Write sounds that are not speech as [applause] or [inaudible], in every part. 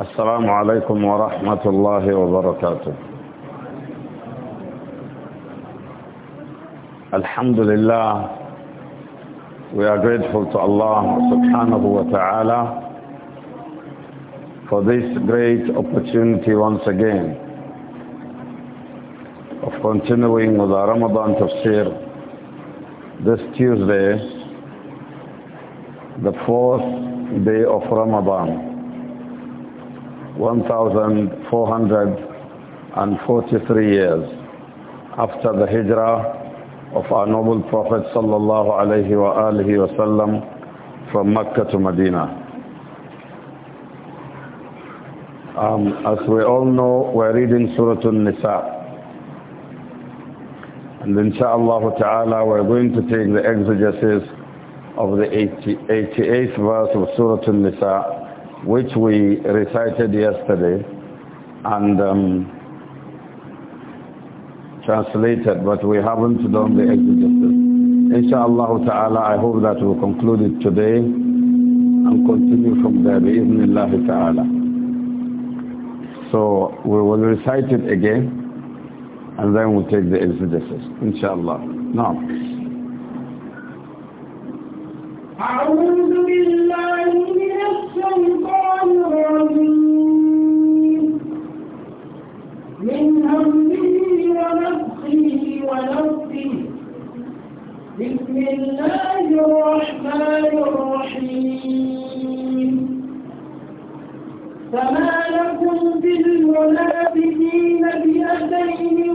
السلام عليكم ورحمة الله وبركاته Alhamdulillah we are grateful to Allah subhanahu wa ta'ala for this great opportunity once again of continuing with our Ramadan tafsir this Tuesday the fourth day of Ramadan 1443 years after the hijrah of our noble prophet sallallahu alaihi wasallam from Mecca to Medina. Um, as we all know, we're reading Surah An-Nisa. And insha'Allah ta'ala, we're going to take the exegesis of the 88th verse of Surah An-Nisa which we recited yesterday and um, translated, but we haven't done the exegesis. Inshallah ta'ala, I hope that we'll conclude it today and continue from there, bi'idhnillahi ta'ala. So we will recite it again and then we'll take the exegesis, inshallah. Now. فما لكم بالمنافقين المنافقين بأتين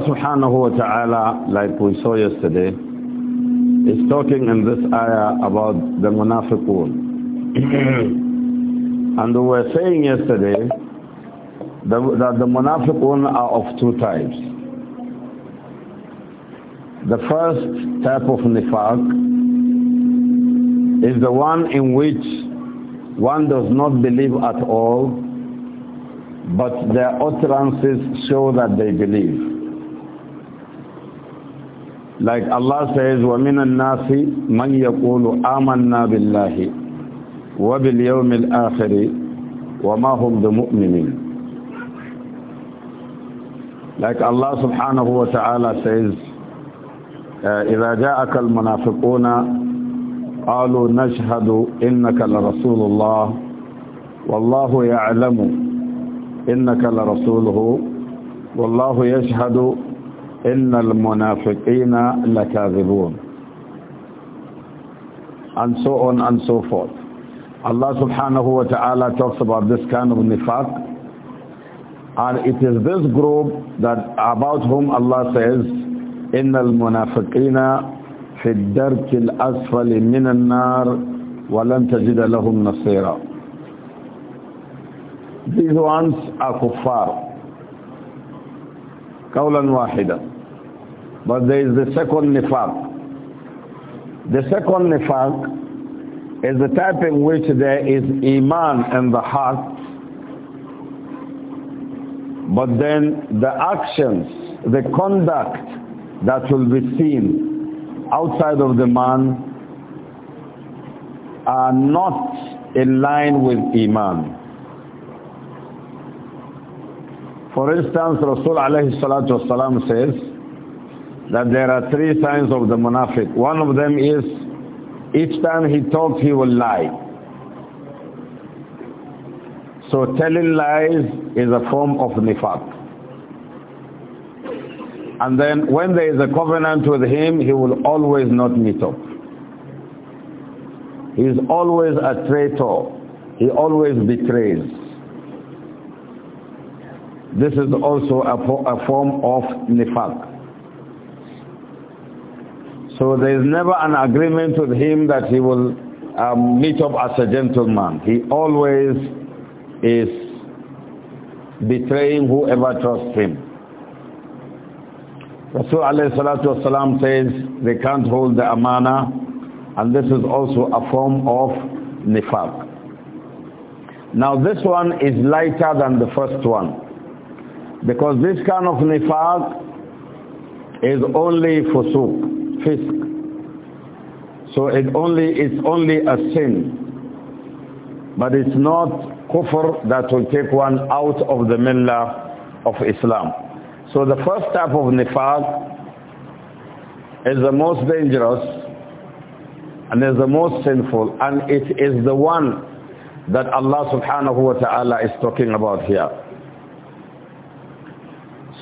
Allah subhanahu wa ta'ala, like we saw yesterday, is talking in this ayah about the munafiqun. [clears throat] and we were saying yesterday that, that the munafiqun are of two types. The first type of nifaq is the one in which one does not believe at all, but their utterances show that they believe. Like Allah says, وَمِنَ النَّاسِ مَنْ يَقُولُ آمَنَّا بِاللَّهِ وَبِالْيَوْمِ الْآخِرِ وَمَا هُمْ بِمُؤْمِنِينَ Like Allah subhanahu wa ta'ala says, uh, إِذَا جَاءَكَ الْمُنَافِقُونَ قَالُوا نَشْهَدُ إِنَّكَ لَرَسُولُ اللَّهِ وَاللَّهُ يَعْلَمُ إِنَّكَ لَرَسُولُهُ وَاللَّهُ يَشْهَدُ إن المنافقين لكاذبون and so on and so forth. Allah subhanahu wa ta'ala talks about this kind of nifaq and it is this group that about whom Allah says إن المنافقين في الدرك الأسفل من النار ولن تجد لهم نصيرا These ones are kuffar قولا واحدا But there is the second nifaq. The second nifaq is the type in which there is iman in the heart, but then the actions, the conduct that will be seen outside of the man are not in line with iman. For instance, Rasul alayhi salatu wasalam says, that there are three signs of the munafiq. One of them is each time he talks he will lie. So telling lies is a form of nifaq. And then when there is a covenant with him, he will always not meet up. He is always a traitor. He always betrays. This is also a, a form of nifaq. So there is never an agreement with him that he will um, meet up as a gentleman. He always is betraying whoever trusts him. Rasul alayhi salatu wasalam says they can't hold the amana and this is also a form of nifaq. Now this one is lighter than the first one because this kind of nifaq is only fusuq fisk. So it only it's only a sin. But it's not kufr that will take one out of the millah of Islam. So the first type of nifaq is the most dangerous and is the most sinful and it is the one that Allah subhanahu wa ta'ala is talking about here.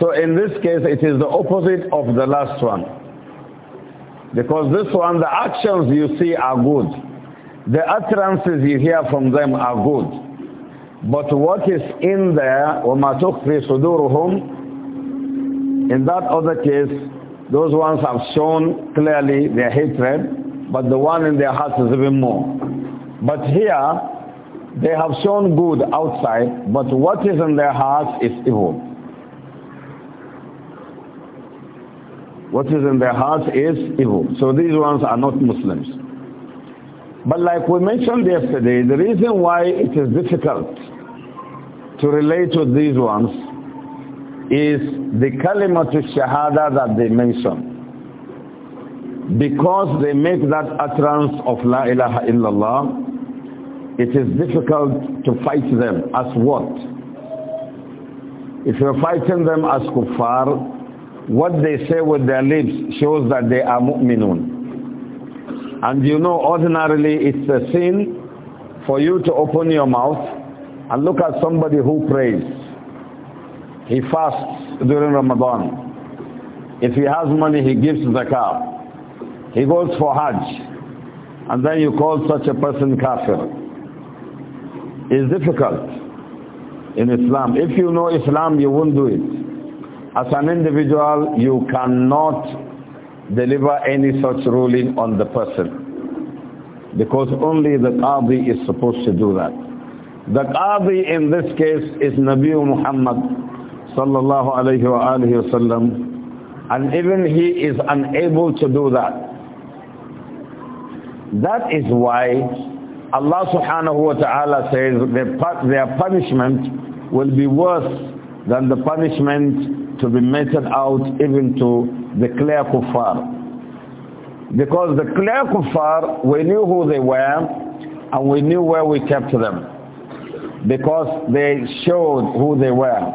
So in this case, it is the opposite of the last one. Because this one, the actions you see are good. The utterances you hear from them are good. But what is in there, وَمَا تُخْفِي صُدُورُهُمْ In that other case, those ones have shown clearly their hatred, but the one in their hearts is even more. But here, they have shown good outside, but what is in their hearts is evil. What is in their hearts is evil. So these ones are not Muslims. But like we mentioned yesterday, the reason why it is difficult to relate with these ones is the kalimatu shahada that they mention. Because they make that utterance of la ilaha illallah, it is difficult to fight them as what? If you're fighting them as kuffar, what they say with their lips shows that they are mu'minun. And you know, ordinarily it's a sin for you to open your mouth and look at somebody who prays. He fasts during Ramadan. If he has money, he gives zakah. He goes for Hajj. And then you call such a person kafir. It's difficult in Islam. If you know Islam, you won't do it. As an individual, you cannot deliver any such ruling on the person. Because only the Qadi is supposed to do that. The Qadi in this case is Nabi Muhammad sallallahu alayhi wa alihi wasallam. And even he is unable to do that. That is why Allah subhanahu wa ta'ala says their punishment will be worse than the punishment to be meted out even to the clear kuffar. Because the clear kuffar, we knew who they were and we knew where we kept them. Because they showed who they were.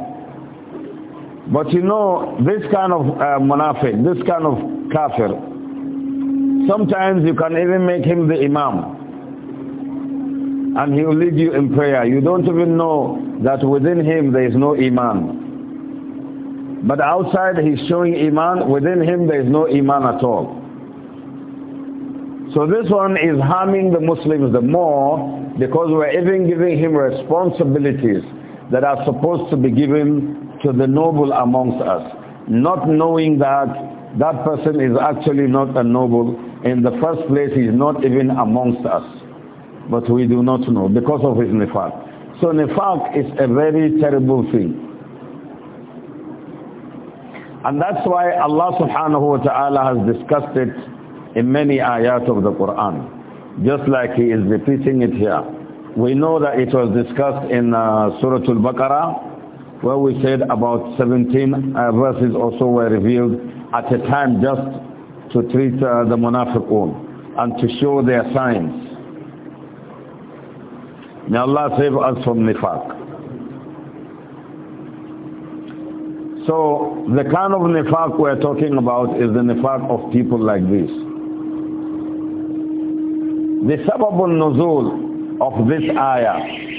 But you know, this kind of uh, munafiq, this kind of kafir, sometimes you can even make him the imam. And he will lead you in prayer. You don't even know that within him there is no iman. But outside he's showing iman, within him there is no iman at all. So this one is harming the Muslims the more because we're even giving him responsibilities that are supposed to be given to the noble amongst us. Not knowing that that person is actually not a noble. In the first place, he's not even amongst us. But we do not know because of his nifaq. So nifaq is a very terrible thing. And that's why Allah subhanahu wa ta'ala has discussed it in many ayat of the Quran. Just like he is repeating it here. We know that it was discussed in uh, Surah Al-Baqarah where we said about 17 uh, verses or so were revealed at a time just to treat uh, the munafiqun and to show their signs. May Allah save us from nifaq. So the kind of nifaq we're talking about is the nifaq of people like this. The sabab nuzul of this ayah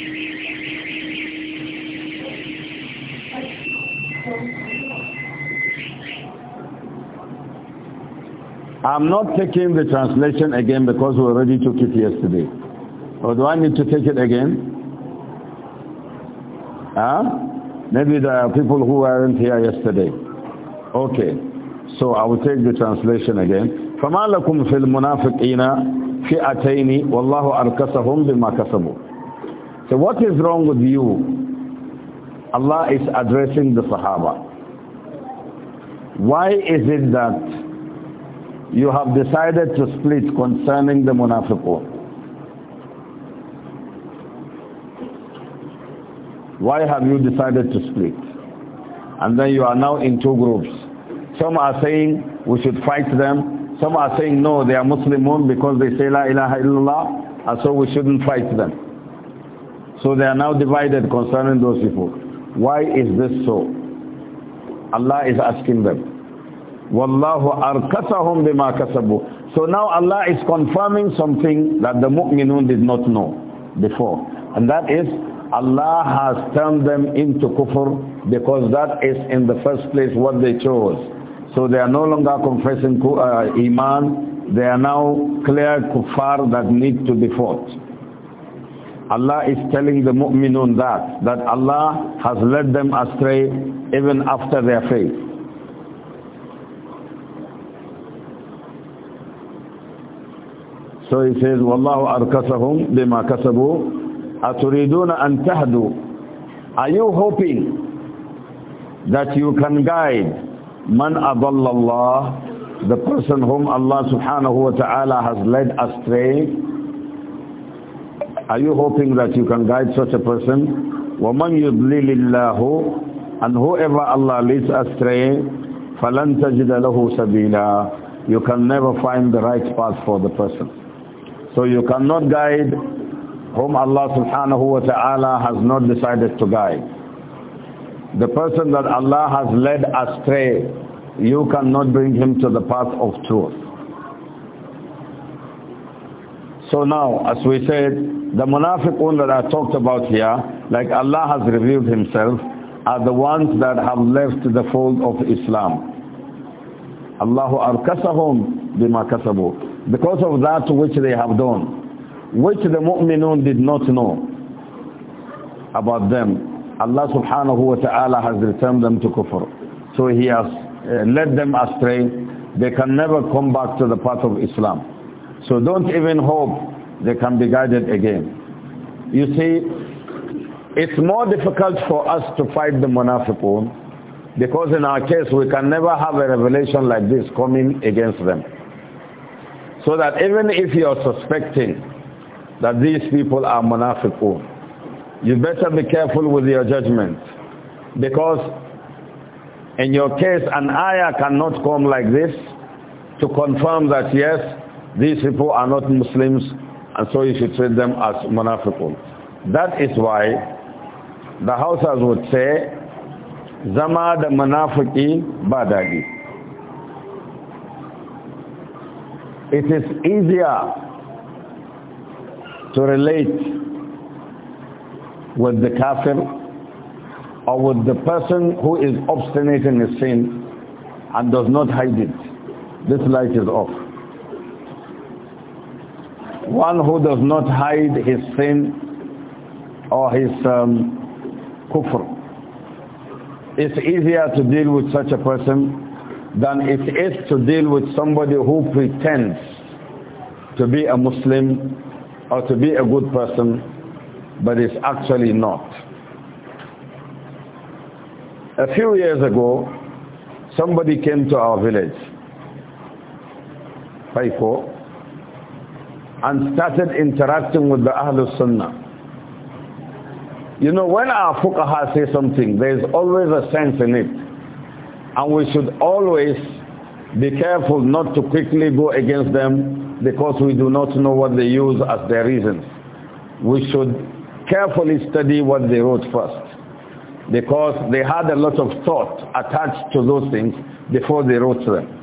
I'm not taking the translation again because we already took it yesterday. Or do I need to take it again? Huh? Maybe there are people who weren't here yesterday. Okay. So I will take the translation again. فَمَا لَكُمْ فِي الْمُنَافِقِينَ فِئَتَيْنِ وَاللَّهُ أَرْكَسَهُمْ بِمَا كَسَبُوا So what is wrong with you? Allah is addressing the Sahaba. Why is it that you have decided to split concerning the munafiqun? Why have you decided to split? And then you are now in two groups. Some are saying we should fight them. Some are saying no, they are Muslim because they say La ilaha illallah and so we shouldn't fight them. So they are now divided concerning those people. Why is this so? Allah is asking them. Wallahu arkasahum bima kasabu. So now Allah is confirming something that the mu'minun did not know before. And that is Allah has turned them into kufr because that is in the first place what they chose. So they are no longer confessing uh, Iman. They are now clear kuffar that need to be fought. Allah is telling the mu'minun that, that Allah has led them astray even after their faith. So he says, وَاللَّهُ أَرْكَسَهُمْ بِمَا كَسَبُوا aturiduna an tahdu are you hoping that you can guide man adalla Allah the person whom Allah subhanahu wa ta'ala has led astray are you hoping that you can guide such a person وَمَنْ يُضْلِلِ اللَّهُ and whoever Allah leads astray you can never find the right path for the person so you cannot guide whom Allah subhanahu wa ta'ala has not decided to guide. The person that Allah has led astray, you cannot bring him to the path of truth. So now, as we said, the munafiqun that I talked about here, like Allah has revealed himself, are the ones that have left the fold of Islam. Allahu arkasahum bima kasabu. Because of that which they have done which the mu'minun did not know about them. Allah subhanahu wa ta'ala has returned them to kufr. So he has uh, led them astray. They can never come back to the path of Islam. So don't even hope they can be guided again. You see, it's more difficult for us to fight the munafiqun because in our case we can never have a revelation like this coming against them. So that even if you are suspecting that these people are munafiqun. You better be careful with your judgment because in your case an ayah cannot come like this to confirm that yes, these people are not Muslims and so you should treat them as munafiqun. That is why the houses would say, Zama da munafiki badagi. It is easier to relate with the kafir or with the person who is obstinate in his sin and does not hide it. This light is off. One who does not hide his sin or his um, kufr. It's easier to deal with such a person than it is to deal with somebody who pretends to be a Muslim or to be a good person, but it's actually not. A few years ago, somebody came to our village, Paipo, and started interacting with the Ahlul Sunnah. You know, when our fuqaha say something, there is always a sense in it. And we should always be careful not to quickly go against them because we do not know what they use as their reasons. We should carefully study what they wrote first because they had a lot of thought attached to those things before they wrote them.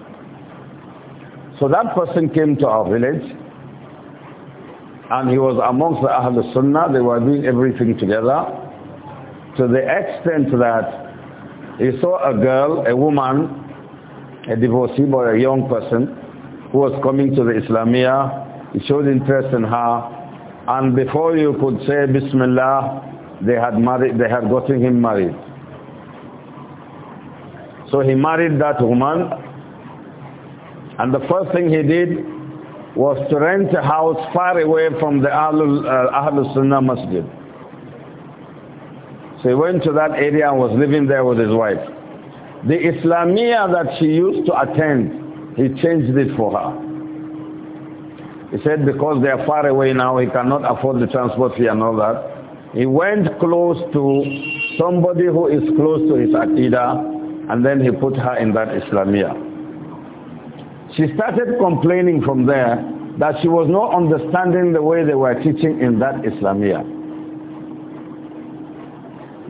So that person came to our village and he was amongst the Ahadisunna. Sunnah. They were doing everything together to the extent that he saw a girl, a woman, a divorcee or a young person who was coming to the Islamia. He showed interest in her. And before you could say Bismillah, they had married, they had gotten him married. So he married that woman. And the first thing he did was to rent a house far away from the Ahlul, uh, Ahlul Sunnah Masjid. So he went to that area and was living there with his wife. The Islamia that she used to attend he changed it for her. He said because they are far away now, he cannot afford the transport fee and all that. He went close to somebody who is close to his akida, and then he put her in that Islamia. She started complaining from there that she was not understanding the way they were teaching in that Islamia.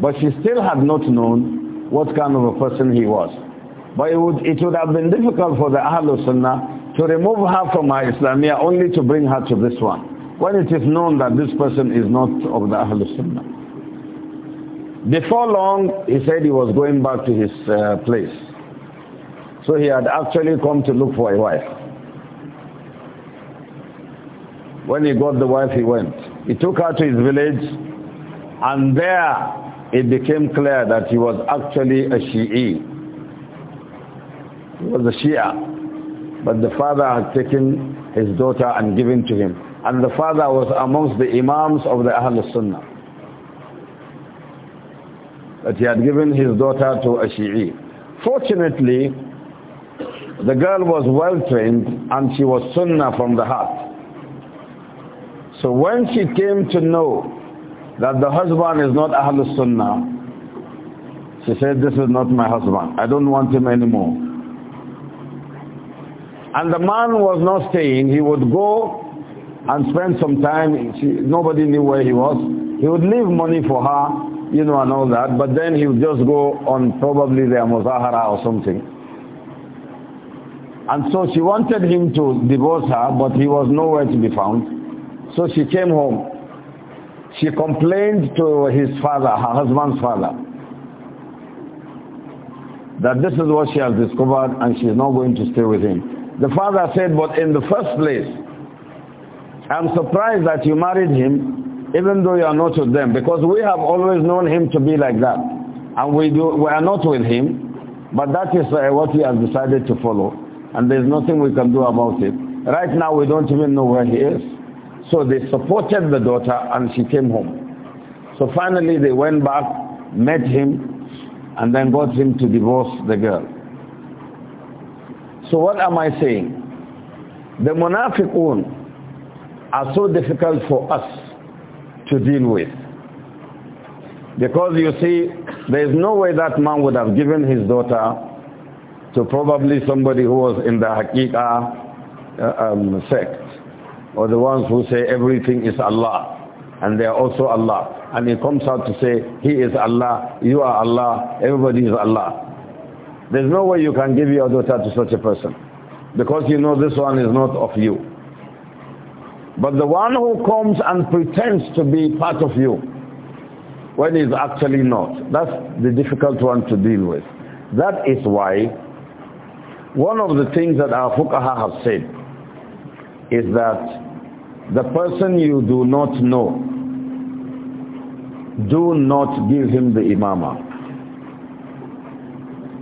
But she still had not known what kind of a person he was. But it would, it would have been difficult for the Ahlul Sunnah to remove her from her Islamia only to bring her to this one. When it is known that this person is not of the Ahlul Sunnah. Before long, he said he was going back to his uh, place. So he had actually come to look for a wife. When he got the wife, he went. He took her to his village, and there it became clear that he was actually a Shi'i was a Shia, but the father had taken his daughter and given to him. And the father was amongst the imams of the Ahlul Sunnah. That he had given his daughter to a Shi'i. Fortunately, the girl was well trained and she was Sunnah from the heart. So when she came to know that the husband is not Ahlul Sunnah, she said, this is not my husband. I don't want him anymore. And the man was not staying. He would go and spend some time. She, nobody knew where he was. He would leave money for her, you know, and all that. But then he would just go on probably their muzahara or something. And so she wanted him to divorce her, but he was nowhere to be found. So she came home. She complained to his father, her husband's father, that this is what she has discovered and she's not going to stay with him. The father said, but in the first place, I'm surprised that you married him, even though you are not with them, because we have always known him to be like that. And we, do, we are not with him, but that is uh, what he has decided to follow. And there's nothing we can do about it. Right now, we don't even know where he is. So they supported the daughter and she came home. So finally, they went back, met him, and then got him to divorce the girl. So what am I saying? The munafiqun are so difficult for us to deal with. Because you see, there is no way that man would have given his daughter to probably somebody who was in the Hakika uh, um, sect, or the ones who say everything is Allah, and they are also Allah. And he comes out to say, he is Allah, you are Allah, everybody is Allah. There's no way you can give your daughter to such a person because you know this one is not of you. But the one who comes and pretends to be part of you when he's actually not, that's the difficult one to deal with. That is why one of the things that our fuqaha have said is that the person you do not know, do not give him the imamah.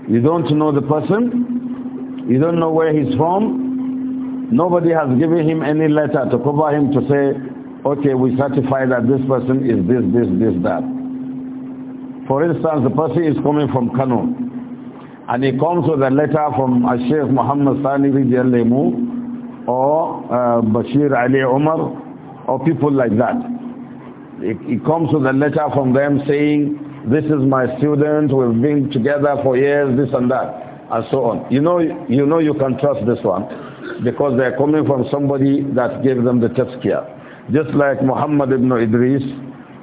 You don't know the person. You don't know where he's from. Nobody has given him any letter to cover him to say, okay, we certify that this person is this, this, this, that. For instance, the person is coming from Kano. And he comes with a letter from Sheikh Muhammad Sani Rijal or uh, Bashir Ali Umar or people like that. He comes with a letter from them saying this is my student. We've been together for years, this and that, and so on. You know, you know you can trust this one because they're coming from somebody that gave them the tazkiyah. Just like Muhammad ibn Idris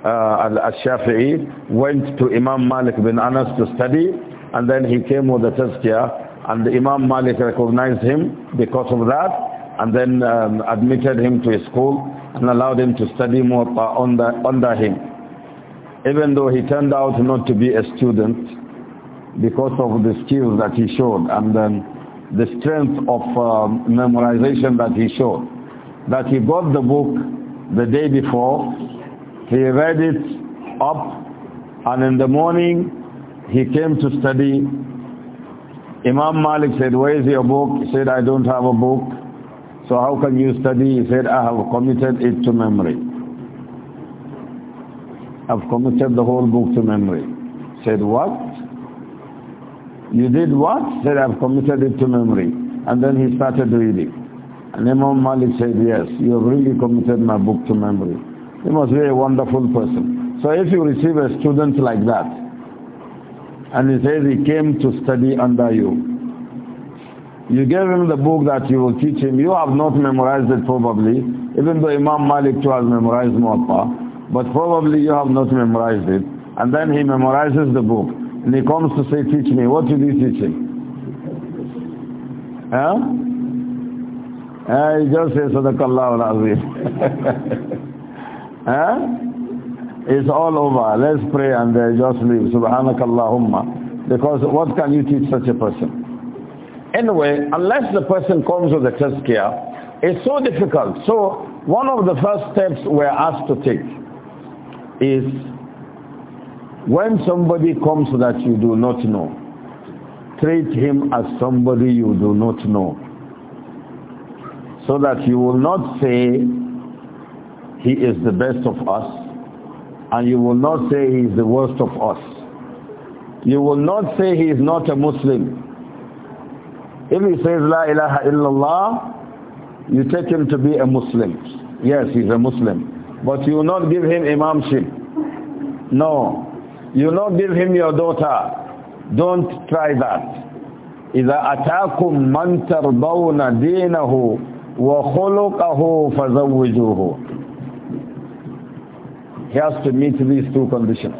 uh, al-Shafi'i went to Imam Malik bin Anas to study and then he came with the tazkiyah and Imam Malik recognized him because of that and then um, admitted him to his school and allowed him to study more uh, under, under him even though he turned out not to be a student because of the skills that he showed and then the strength of uh, memorization that he showed, that he got the book the day before, he read it up, and in the morning he came to study. Imam Malik said, where is your book? He said, I don't have a book. So how can you study? He said, I have committed it to memory. I've committed the whole book to memory. Said, what? You did what? Said, I've committed it to memory. And then he started reading. And Imam Malik said, yes, you have really committed my book to memory. He must be a wonderful person. So if you receive a student like that, and he says he came to study under you, you gave him the book that you will teach him. You have not memorized it probably, even though Imam Malik too has memorized Muwatta but probably you have not memorized it. And then he memorizes the book. And he comes to say, teach me. What did he teach him? Huh? Uh, he just says, Sadaqallah al-Azim. [laughs] huh? It's all over. Let's pray and they uh, just leave. Subhanakallahumma. Because what can you teach such a person? Anyway, unless the person comes with a tazkiyah, it's so difficult. So one of the first steps we're asked to take is when somebody comes that you do not know, treat him as somebody you do not know. So that you will not say he is the best of us and you will not say he is the worst of us. You will not say he is not a Muslim. If he says La ilaha illallah, you take him to be a Muslim. Yes, he's a Muslim. But you will not give him imamship. No. You will not give him your daughter. Don't try that. إذا أتاكم من ترضون دينه وخلقه فزوجوه. He has to meet these two conditions.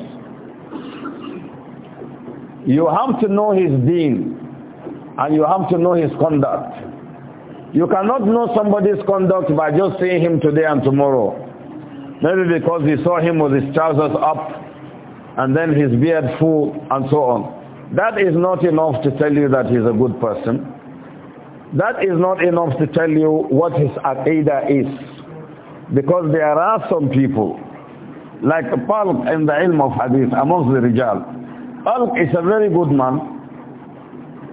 You have to know his deen and you have to know his conduct. You cannot know somebody's conduct by just seeing him today and tomorrow. Maybe because he saw him with his trousers up and then his beard full and so on. That is not enough to tell you that he's a good person. That is not enough to tell you what his aqidah is. Because there are some people, like Palq in the ilm of hadith, amongst the rijal. Palq is a very good man.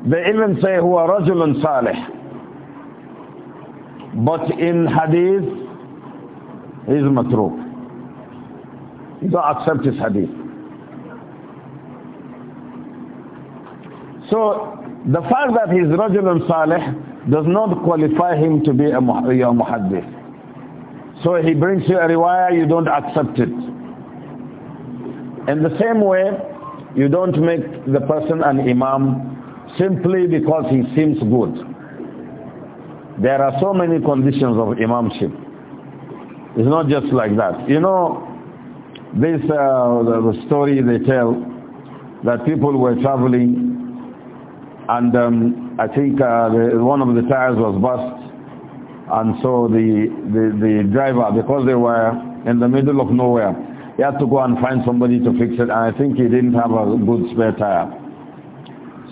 They even say, هو رجل صالح. But in hadith, he is matruk. You don't accept his hadith. So the fact that he's Rajul and Salih does not qualify him to be a, a muhaddith. So he brings you a riwayah, you don't accept it. In the same way, you don't make the person an imam simply because he seems good. There are so many conditions of imamship. It's not just like that. You know, this uh, the, the, story they tell that people were traveling and um, I think uh, the, one of the tires was burst and so the, the, the driver, because they were in the middle of nowhere, he had to go and find somebody to fix it and I think he didn't have a good spare tire.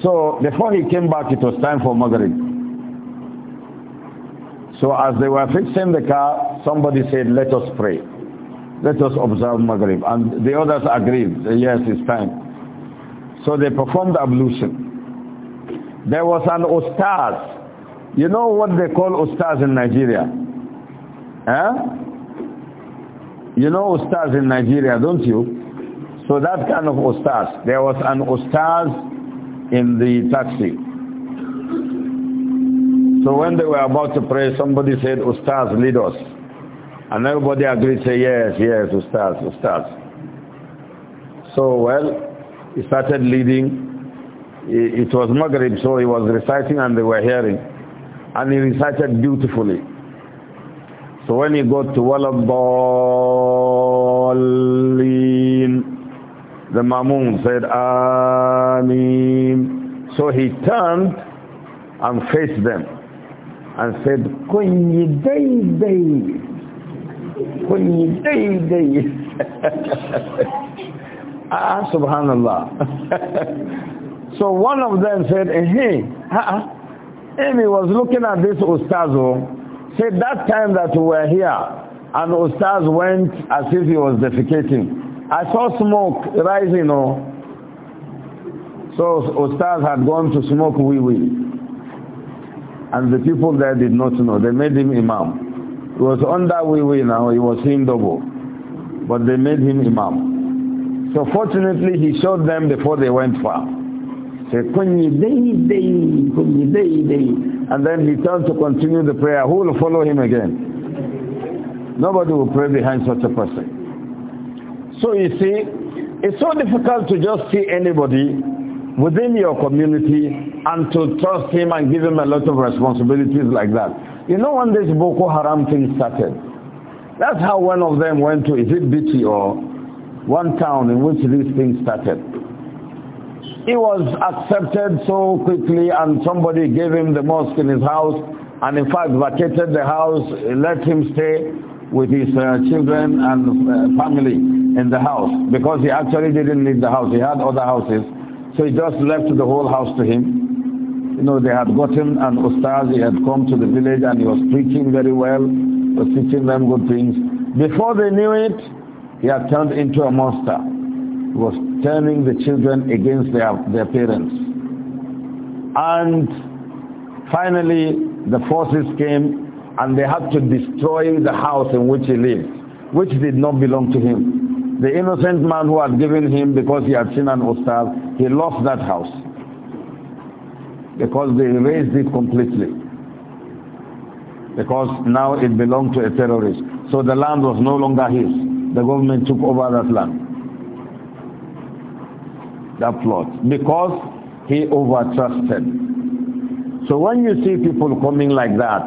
So before he came back, it was time for Margaret. So as they were fixing the car, somebody said, let us pray. Let us observe Maghrib. And the others agreed, yes, it's time. So they performed ablution. There was an ustaz. You know what they call ustaz in Nigeria? Huh? You know ustaz in Nigeria, don't you? So that kind of ustaz. There was an ustaz in the taxi. So when they were about to pray, somebody said, Ustaz, lead us. And everybody agreed, say, yes, yes, Ustaz, Ustaz. So, well, he started leading. It was Maghrib, so he was reciting and they were hearing. And he recited beautifully. So when he got to Walabdallin, the Mamun said, Ameen. So he turned and faced them and said, Kun day day. kun day day. [laughs] ah, subhanallah. [laughs] so one of them said, hey, uh Amy was looking at this ustazo, oh. said that time that we were here, and ustaz went as if he was defecating. I saw smoke rising, you oh. know. So ustaz had gone to smoke wee-wee. And the people there did not know. They made him imam. He was on way way now. He was seeing double. But they made him imam. So fortunately, he showed them before they went far. Say, kunyi day, day, kunyi day, day. And then he turned to continue the prayer. Who will follow him again? Nobody will pray behind such a person. So you see, it's so difficult to just see anybody within your community and to trust him and give him a lot of responsibilities like that. You know when this Boko Haram thing started? That's how one of them went to, is it Biti or one town in which this thing started. He was accepted so quickly and somebody gave him the mosque in his house and in fact vacated the house, let him stay with his uh, children and uh, family in the house because he actually didn't need the house. He had other houses. So he just left the whole house to him you know, they had gotten an ustaz, he had come to the village and he was preaching very well, was teaching them good things. Before they knew it, he had turned into a monster. He was turning the children against their, their parents. And finally, the forces came and they had to destroy the house in which he lived, which did not belong to him. The innocent man who had given him because he had seen an ustaz, he lost that house because they erased it completely. Because now it belonged to a terrorist. So the land was no longer his. The government took over that land. That plot. Because he overtrusted. So when you see people coming like that,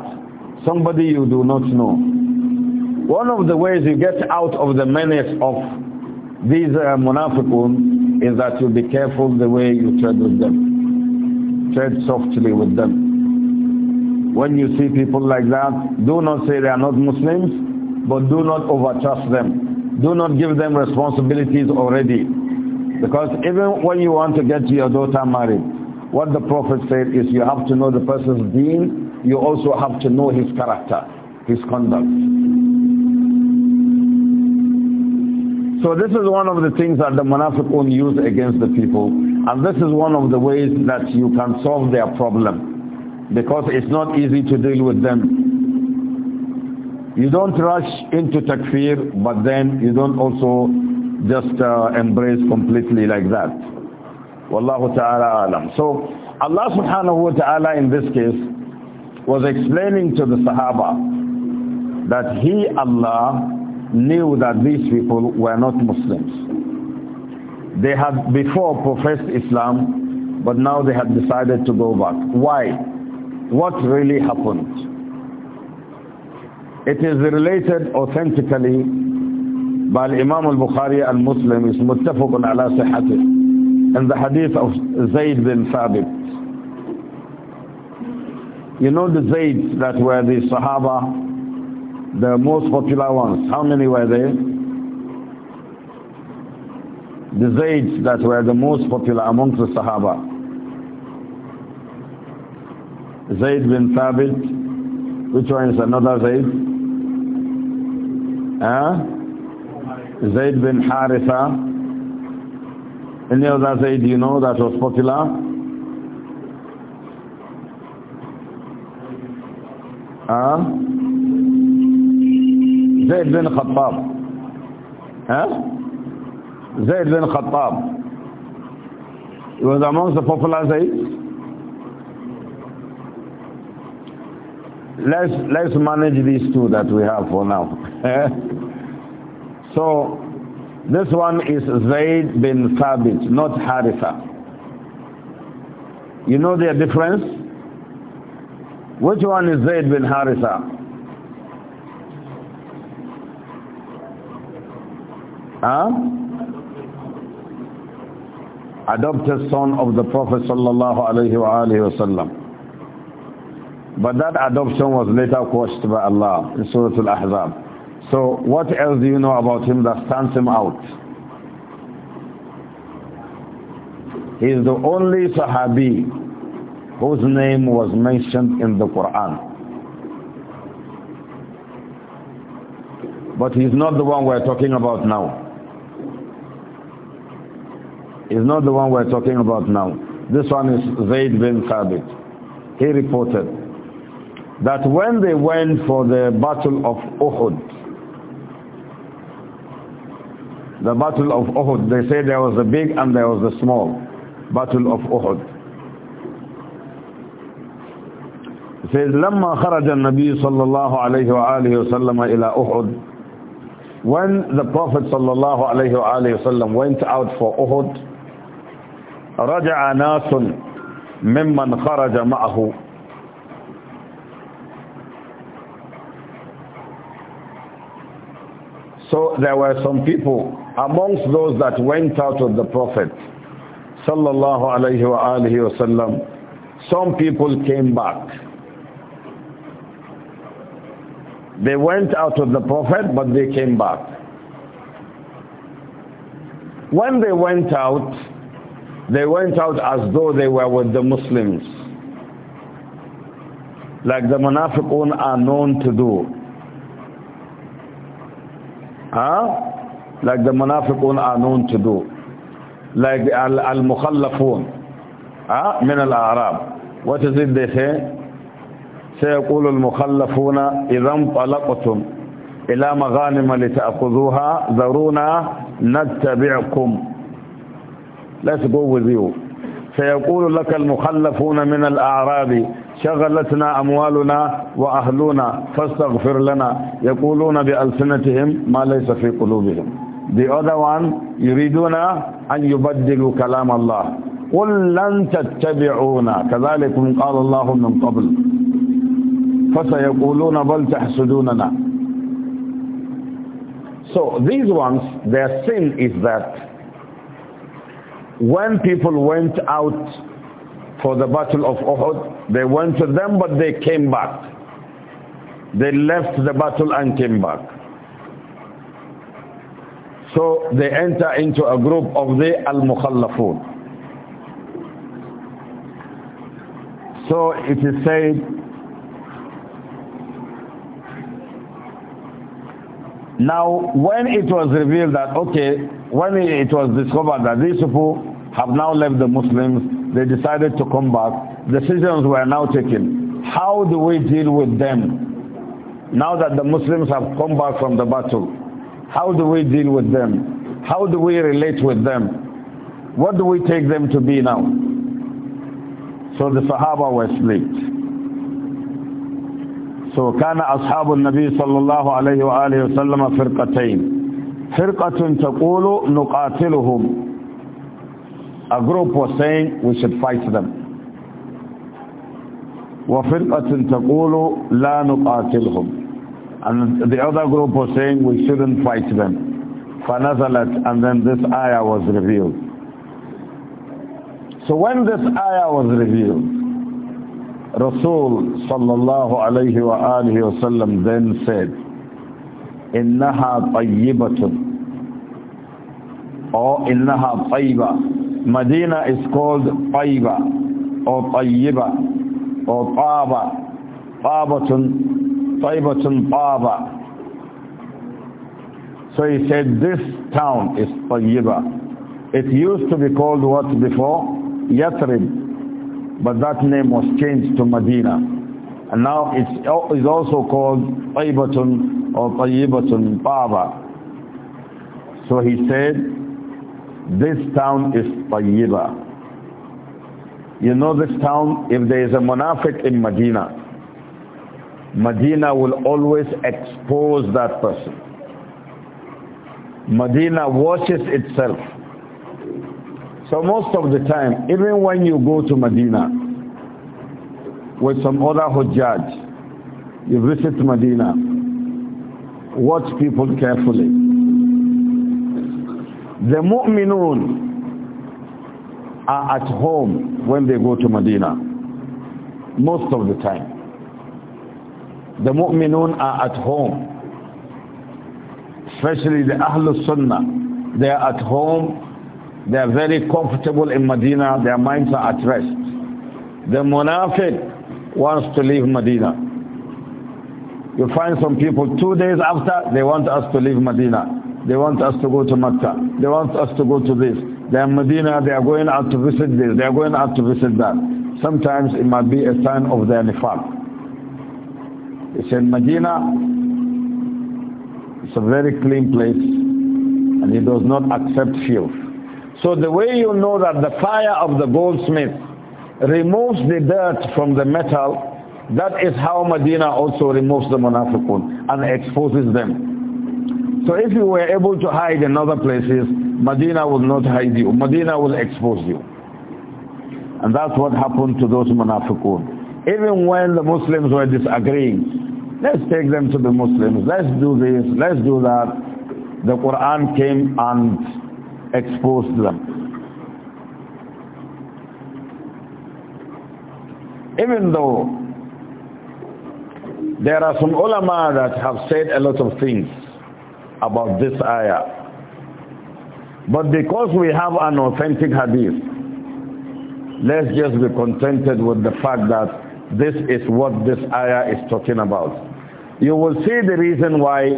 somebody you do not know. One of the ways you get out of the menace of these uh, is that you be careful the way you tread with them tread softly with them. When you see people like that, do not say they are not Muslims, but do not overtrust them. Do not give them responsibilities already. Because even when you want to get your daughter married, what the Prophet said is you have to know the person's deen, you also have to know his character, his conduct. So this is one of the things that the Munafiqun use against the people and this is one of the ways that you can solve their problem because it's not easy to deal with them. You don't rush into takfir, but then you don't also just uh, embrace completely like that. Wallahu ta'ala alam. So Allah subhanahu wa ta'ala in this case was explaining to the Sahaba that he, Allah, knew that these people were not Muslims. They had before professed Islam, but now they have decided to go back. Why? What really happened? It is related authentically by Imam al-Bukhari al-Muslim is muttafaqun ala sihhatih in the hadith of Zayd bin Thabit. You know the Zayd that were the Sahaba, the most popular ones. How many were there? the Zayds that were the most popular amongst the Sahaba. Zayd bin Thabit, which one is another Zayd? Huh? Zayd bin Haritha. Any other zaid you know that was popular? Huh? Zayd bin Khattab. Huh? Zayd bin Khattab. He was amongst the popular Zayds. Let's, let's manage these two that we have for now. [laughs] so, this one is Zaid bin Thabit, not Haritha. You know their difference? Which one is Zaid bin Haritha? Huh? adopted son of the Prophet sallallahu alayhi wa But that adoption was later quashed by Allah in Surah Al-Ahzab. So what else do you know about him that stands him out? He is the only Sahabi whose name was mentioned in the Quran. But he's not the one we're talking about now is not the one we're talking about now. This one is Zayd bin Thabit. He reported that when they went for the battle of Uhud, the battle of Uhud, they say there was a big and there was a small battle of Uhud. It says, لما خرج النبي صلى الله عليه وآله وسلم إلى أحد when the Prophet صلى الله عليه وآله وسلم went out for Uhud رجع ناس ممن خرج معه So there were some people amongst those that went out with the Prophet sallallahu alayhi wa alihi wasallam some people came back they went out with the prophet but they came back when they went out they went out as though they were with the Muslims. Like the Munafiqun are known to do. Huh? Like the Munafiqun are known to do. Like Al-Mukhallafun. Huh? من الأعراب. What is it they say? سيقول المخلفون إذا انطلقتم إلى مغانم لتأخذوها ذرونا نتبعكم Let's go with you. سيقول لك المخلفون من الأعراب شغلتنا أموالنا وأهلنا فاستغفر لنا يقولون بألسنتهم ما ليس في قلوبهم The other one يريدون أن يبدلوا كلام الله قل لن تتبعونا كذلك قال الله من قبل فسيقولون بل تحسدوننا So these ones, their sin is that when people went out for the battle of Uhud, they went to them but they came back. They left the battle and came back. So they enter into a group of the Al-Mukhallafun. So it is said Now, when it was revealed that, okay, when it was discovered that these people have now left the Muslims, they decided to come back, decisions were now taken. How do we deal with them? Now that the Muslims have come back from the battle, how do we deal with them? How do we relate with them? What do we take them to be now? So the Sahaba were split. So كان أصحاب النبي صلى الله عليه وآله وسلم فرقتين فرقة تقول نقاتلهم A group was saying we should fight them وفرقة تقول لا نقاتلهم and the other group was saying we shouldn't fight them فنزلت and then this ayah was revealed so when this ayah was revealed Rasul sallallahu alayhi wa alihi wasallam then said, Innaha tayyibatun or Innaha tayyiba. Medina is called tayyiba or tayyiba or taba. Tabatun, tayyibatun taba. So he said, this town is tayyiba. It used to be called what before? Yathrib but that name was changed to Medina. And now it's, also called Taibatun or Tayyibatun Baba. So he said, this town is Tayyiba. You know this town, if there is a munafiq in Medina, Medina will always expose that person. Medina washes itself so most of the time, even when you go to Medina with some other Hujjaj, you visit Medina, watch people carefully. The mu'minun are at home when they go to Medina, most of the time. The mu'minun are at home, especially the Ahlul Sunnah. They are at home they are very comfortable in Medina. Their minds are at rest. The munafiq wants to leave Medina. You find some people two days after, they want us to leave Medina. They want us to go to Mecca. They want us to go to this. They are Medina. They are going out to visit this. They are going out to visit that. Sometimes it might be a sign of their nifaq. It's in Medina. It's a very clean place. And he does not accept filth. So the way you know that the fire of the goldsmith removes the dirt from the metal, that is how Medina also removes the munafiqun and exposes them. So if you were able to hide in other places, Medina will not hide you. Medina will expose you. And that's what happened to those munafiqun. Even when the Muslims were disagreeing, let's take them to the Muslims, let's do this, let's do that. The Quran came and Exposed them. Even though there are some ulama that have said a lot of things about this ayah, but because we have an authentic hadith, let's just be contented with the fact that this is what this ayah is talking about. You will see the reason why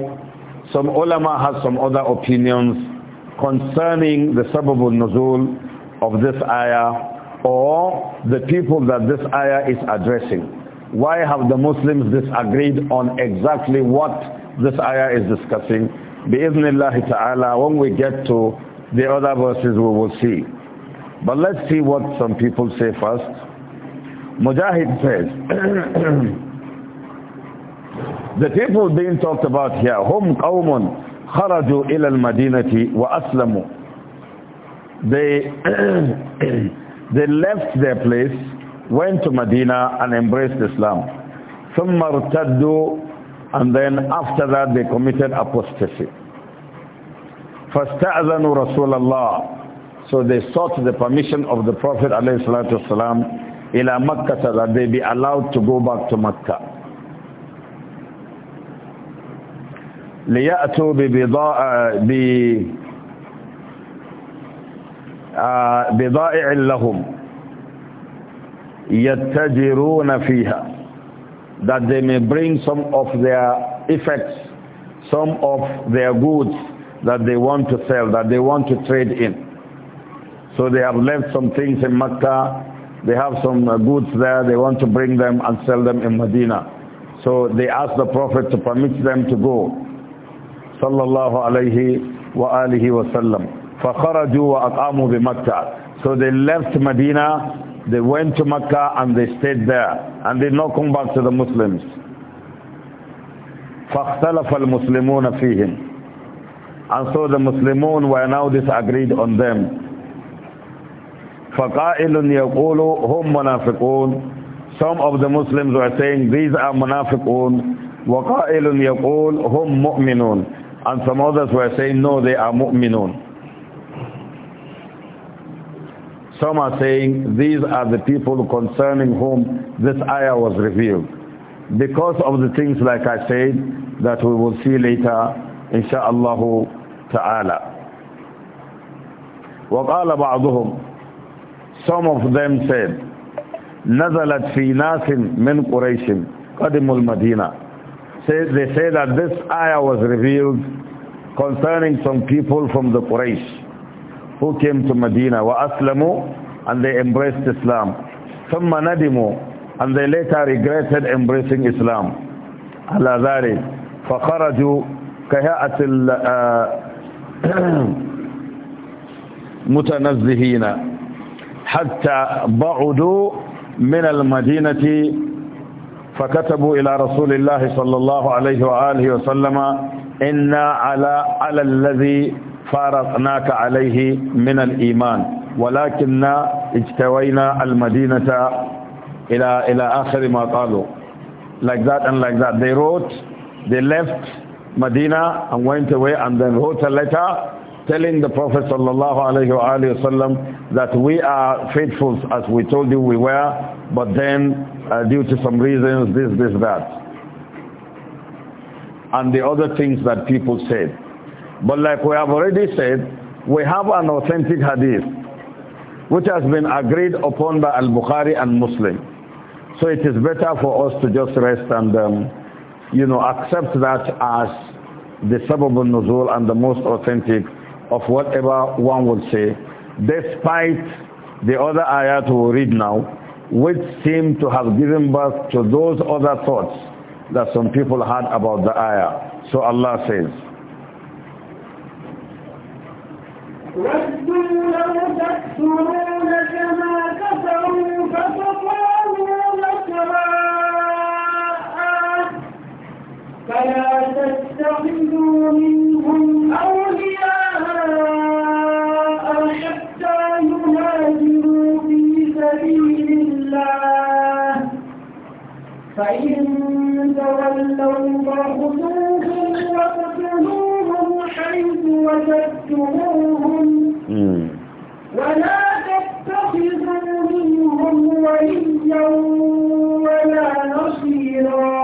some ulama has some other opinions concerning the sababul nuzul of this ayah or the people that this ayah is addressing. Why have the Muslims disagreed on exactly what this ayah is discussing? Bi-Ibnillahi ta'ala, when we get to the other verses we will see. But let's see what some people say first. Mujahid says, [coughs] the people being talked about here, hum qawmun خرجوا Madinati wa aslamu. they [clears throat] they left their place went to Medina and embraced Islam Thumma ارتدوا and then after that they committed apostasy Fasta'zanu رسول الله so they sought the permission of the Prophet alayhi salatu والسلام ila مكة that they be allowed to go back to Mecca ليأتوا ببضاء ب بضائع لهم يتجرون فيها that they may bring some of their effects some of their goods that they want to sell that they want to trade in so they have left some things in Makkah they have some uh, goods there they want to bring them and sell them in Medina so they ask the prophet to permit them to go صلى الله عليه وآله وسلم فخرجوا وأقاموا بمكة so they left Medina they went to Mecca and they stayed there and did not come back to the Muslims فاختلف المسلمون فيهم and so the Muslimun were now disagreed on them فقائل يقول هم منافقون some of the Muslims were saying these are منافقون وقائل يقول هم مؤمنون And some others were saying, no, they are mu'minun. Some are saying, these are the people concerning whom this ayah was revealed. Because of the things, like I said, that we will see later, insha'Allah ta'ala. وقال بعضهم some of them said نزلت في ناس من قريش قدموا المدينه they say that this ayah was revealed concerning some people from the Quraysh who came to Medina, وَأَسْلَمُوا and they embraced Islam. some manadimu and they later regretted embracing Islam. على ذلك فخرجوا كهيئة المتنزهين حتى بعدوا من المدينة فكتبوا إلى رسول الله صلى الله عليه وآله وسلم إنا على على الذي فارقناك عليه من الإيمان ولكننا اجتوينا المدينة إلى إلى آخر ما قالوا like that and like that they wrote they left Medina and went away and then wrote a letter telling the Prophet sallallahu that we are faithful as we told you we were, but then uh, due to some reasons, this, this, that. And the other things that people said. But like we have already said, we have an authentic hadith which has been agreed upon by Al-Bukhari and Muslim. So it is better for us to just rest and, um, you know, accept that as the sabab nuzul and the most authentic of whatever one would say, despite the other ayat we read now, which seem to have given birth to those other thoughts that some people had about the ayah. So Allah says, فلا فإن تولوا فخذوهم واقتلوهم حيث وجدتموهم ولا تتخذوا منهم وليا ولا نصيرا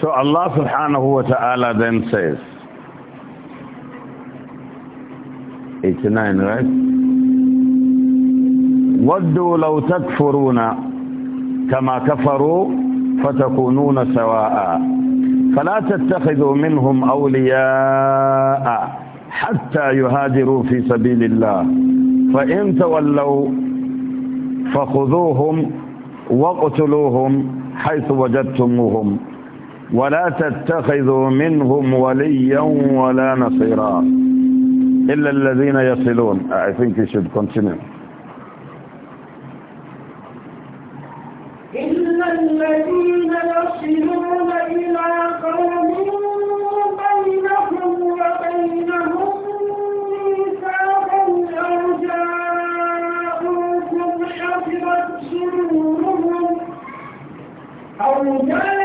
So Allah subhanahu wa ta'ala then says, 89 right? Mm. وَدُّوا لَوْ تَكْفُرُونَ كما كفروا فتكونون سواء فلا تتخذوا منهم أولياء حتى يهاجروا في سبيل الله فإن تولوا فخذوهم واقتلوهم حيث وجدتموهم ولا تتخذوا منهم وليا ولا نصيرا إلا الذين يصلون I think you should continue àwùjọ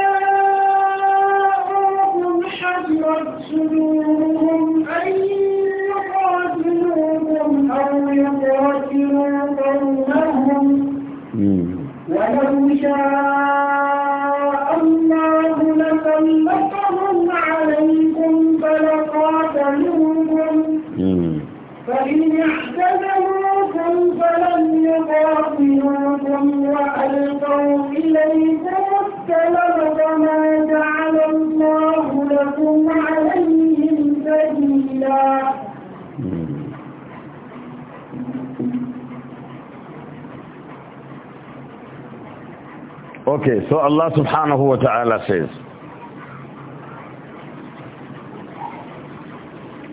Okay, so Allah subhanahu wa ta'ala says,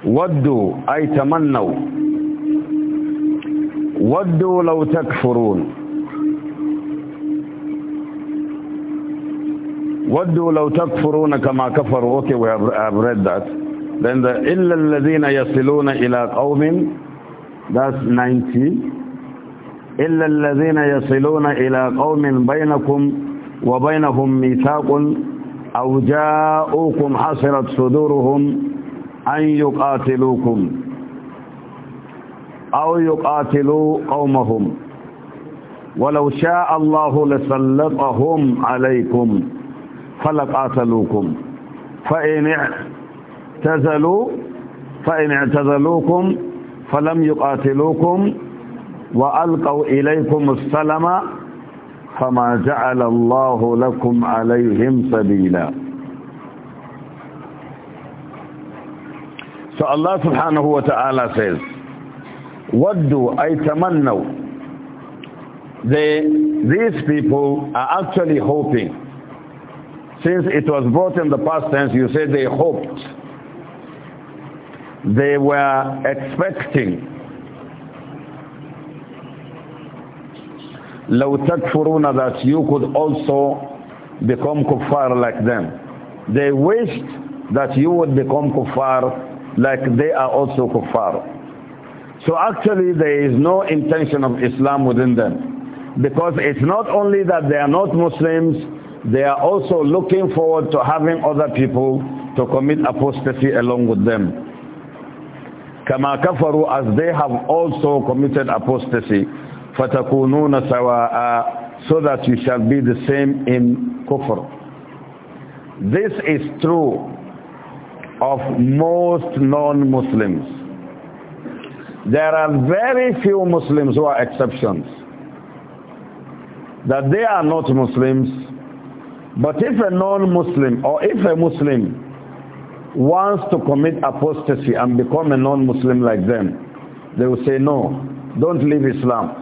ودوا أي تمنوا ودوا لو تكفرون ودوا لو تكفرون كما كفروا okay we have, have read that then the إلا الذين يصلون إلى قوم that's 90 إلا الذين يصلون إلى قوم بينكم وبينهم ميثاق أو جاءوكم حصرت صدورهم أن يقاتلوكم أو يقاتلوا قومهم ولو شاء الله لسلطهم عليكم فلقاتلوكم فإن اعتزلوا فإن اعتزلوكم فلم يقاتلوكم وألقوا إليكم السلم فما جعل الله لكم عليهم سبيلا So Allah subhanahu wa ta'ala says, What do I tamannaw? They, these people are actually hoping. Since it was brought in the past tense, you say they hoped. They were expecting لو تكفرون that you could also become kuffar like them. They wished that you would become kuffar like they are also kuffar. So actually there is no intention of Islam within them. Because it's not only that they are not Muslims, they are also looking forward to having other people to commit apostasy along with them. Kama as they have also committed apostasy. فَتَكُونُونَ سَوَاءً So that you shall be the same in kufr. This is true of most non-Muslims. There are very few Muslims who are exceptions. That they are not Muslims. But if a non-Muslim or if a Muslim wants to commit apostasy and become a non-Muslim like them, they will say, no, don't leave Islam.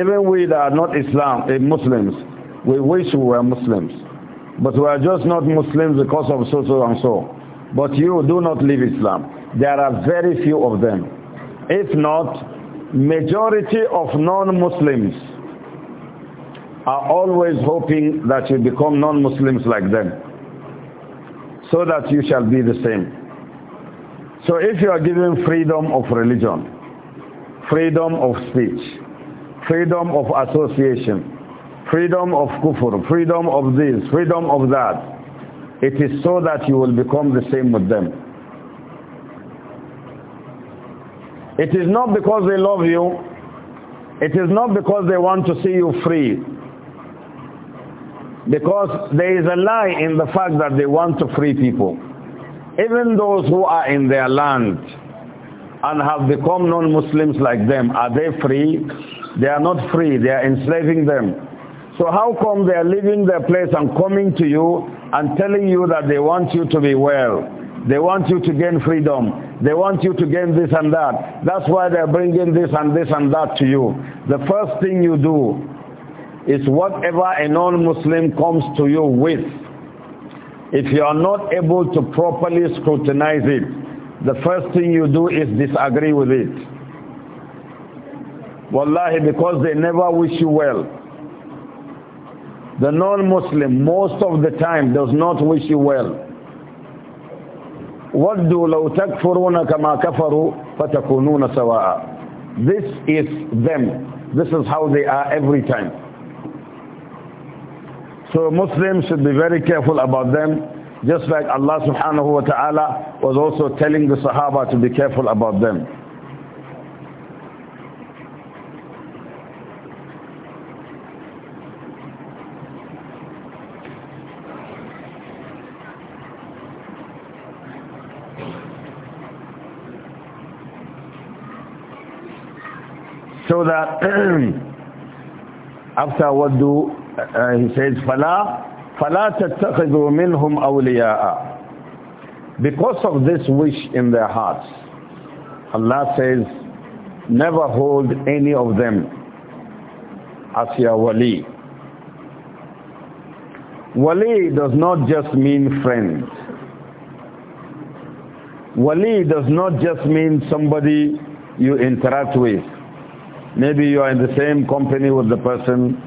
Even we that are not Islam, eh, Muslims, we wish we were Muslims. But we are just not Muslims because of so, so, and so. But you do not leave Islam. There are very few of them. If not, majority of non-Muslims are always hoping that you become non-Muslims like them. So that you shall be the same. So if you are given freedom of religion, freedom of speech, freedom of association, freedom of kufr, freedom of this, freedom of that. It is so that you will become the same with them. It is not because they love you. It is not because they want to see you free. Because there is a lie in the fact that they want to free people. Even those who are in their land and have become non-Muslims like them, are they free? They are not free. They are enslaving them. So how come they are leaving their place and coming to you and telling you that they want you to be well? They want you to gain freedom. They want you to gain this and that. That's why they're bringing this and this and that to you. The first thing you do is whatever a non-Muslim comes to you with, if you are not able to properly scrutinize it, the first thing you do is disagree with it. Wallahi, because they never wish you well. The non-Muslim, most of the time, does not wish you well. وَدُّوا لَوْ تَكْفُرُونَ كَمَا كَفَرُوا فَتَكُونُونَ سَوَاءً This is them. This is how they are every time. So Muslims should be very careful about them, just like Allah subhanahu wa ta'ala was also telling the Sahaba to be careful about them. [clears throat] after wadu uh, he says fala fala tattakhidhu minhum awliya'a because of this wish in their hearts Allah says never hold any of them as your wali wali does not just mean friend wali does not just mean somebody you interact with Maybe you are in the same company with the person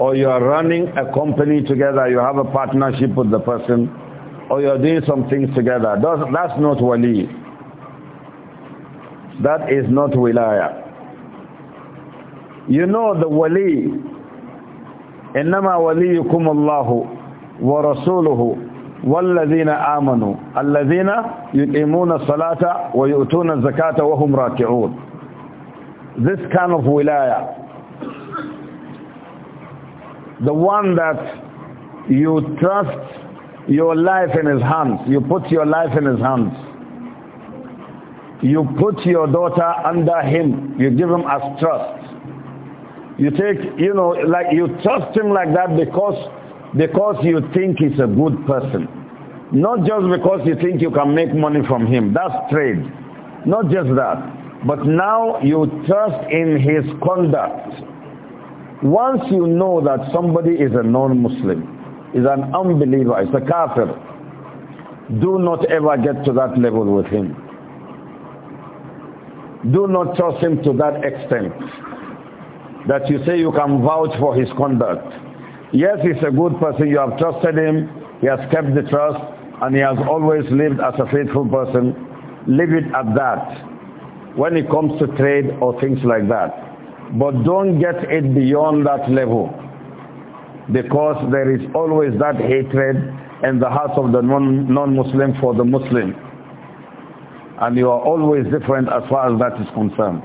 or you are running a company together, you have a partnership with the person or you are doing some things together. That's not wali. That is not wilaya. You know the wali. إنما وليكم الله ورسوله والذين آمنوا الذين يقيمون الصلاة ويؤتون الزكاة وهم راكعون this kind of wilaya the one that you trust your life in his hands you put your life in his hands you put your daughter under him you give him as trust you take you know like you trust him like that because because you think he's a good person not just because you think you can make money from him that's trade not just that but now you trust in his conduct. Once you know that somebody is a non-Muslim, is an unbeliever, is a kafir, do not ever get to that level with him. Do not trust him to that extent that you say you can vouch for his conduct. Yes, he's a good person. You have trusted him. He has kept the trust and he has always lived as a faithful person. Leave it at that when it comes to trade or things like that. But don't get it beyond that level because there is always that hatred in the heart of the non-Muslim for the Muslim. And you are always different as far as that is concerned.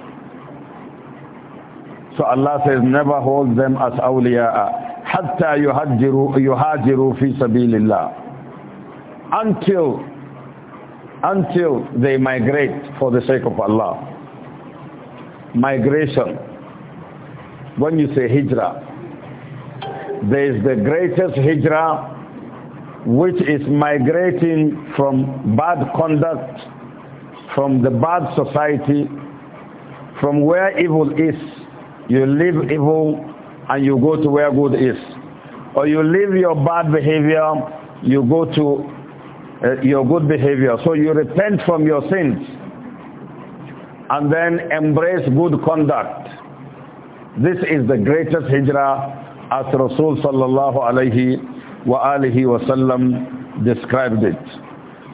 So Allah says, never hold them as awliya'a. حَتَّى يُهَاجِرُوا فِي سَبِيلِ اللَّهِ Until until they migrate for the sake of Allah. Migration. When you say hijrah, there is the greatest hijrah which is migrating from bad conduct, from the bad society, from where evil is. You leave evil and you go to where good is. Or you leave your bad behavior, you go to uh, your good behavior. So you repent from your sins and then embrace good conduct. This is the greatest hijrah as Rasul sallallahu alayhi wa alihi described it.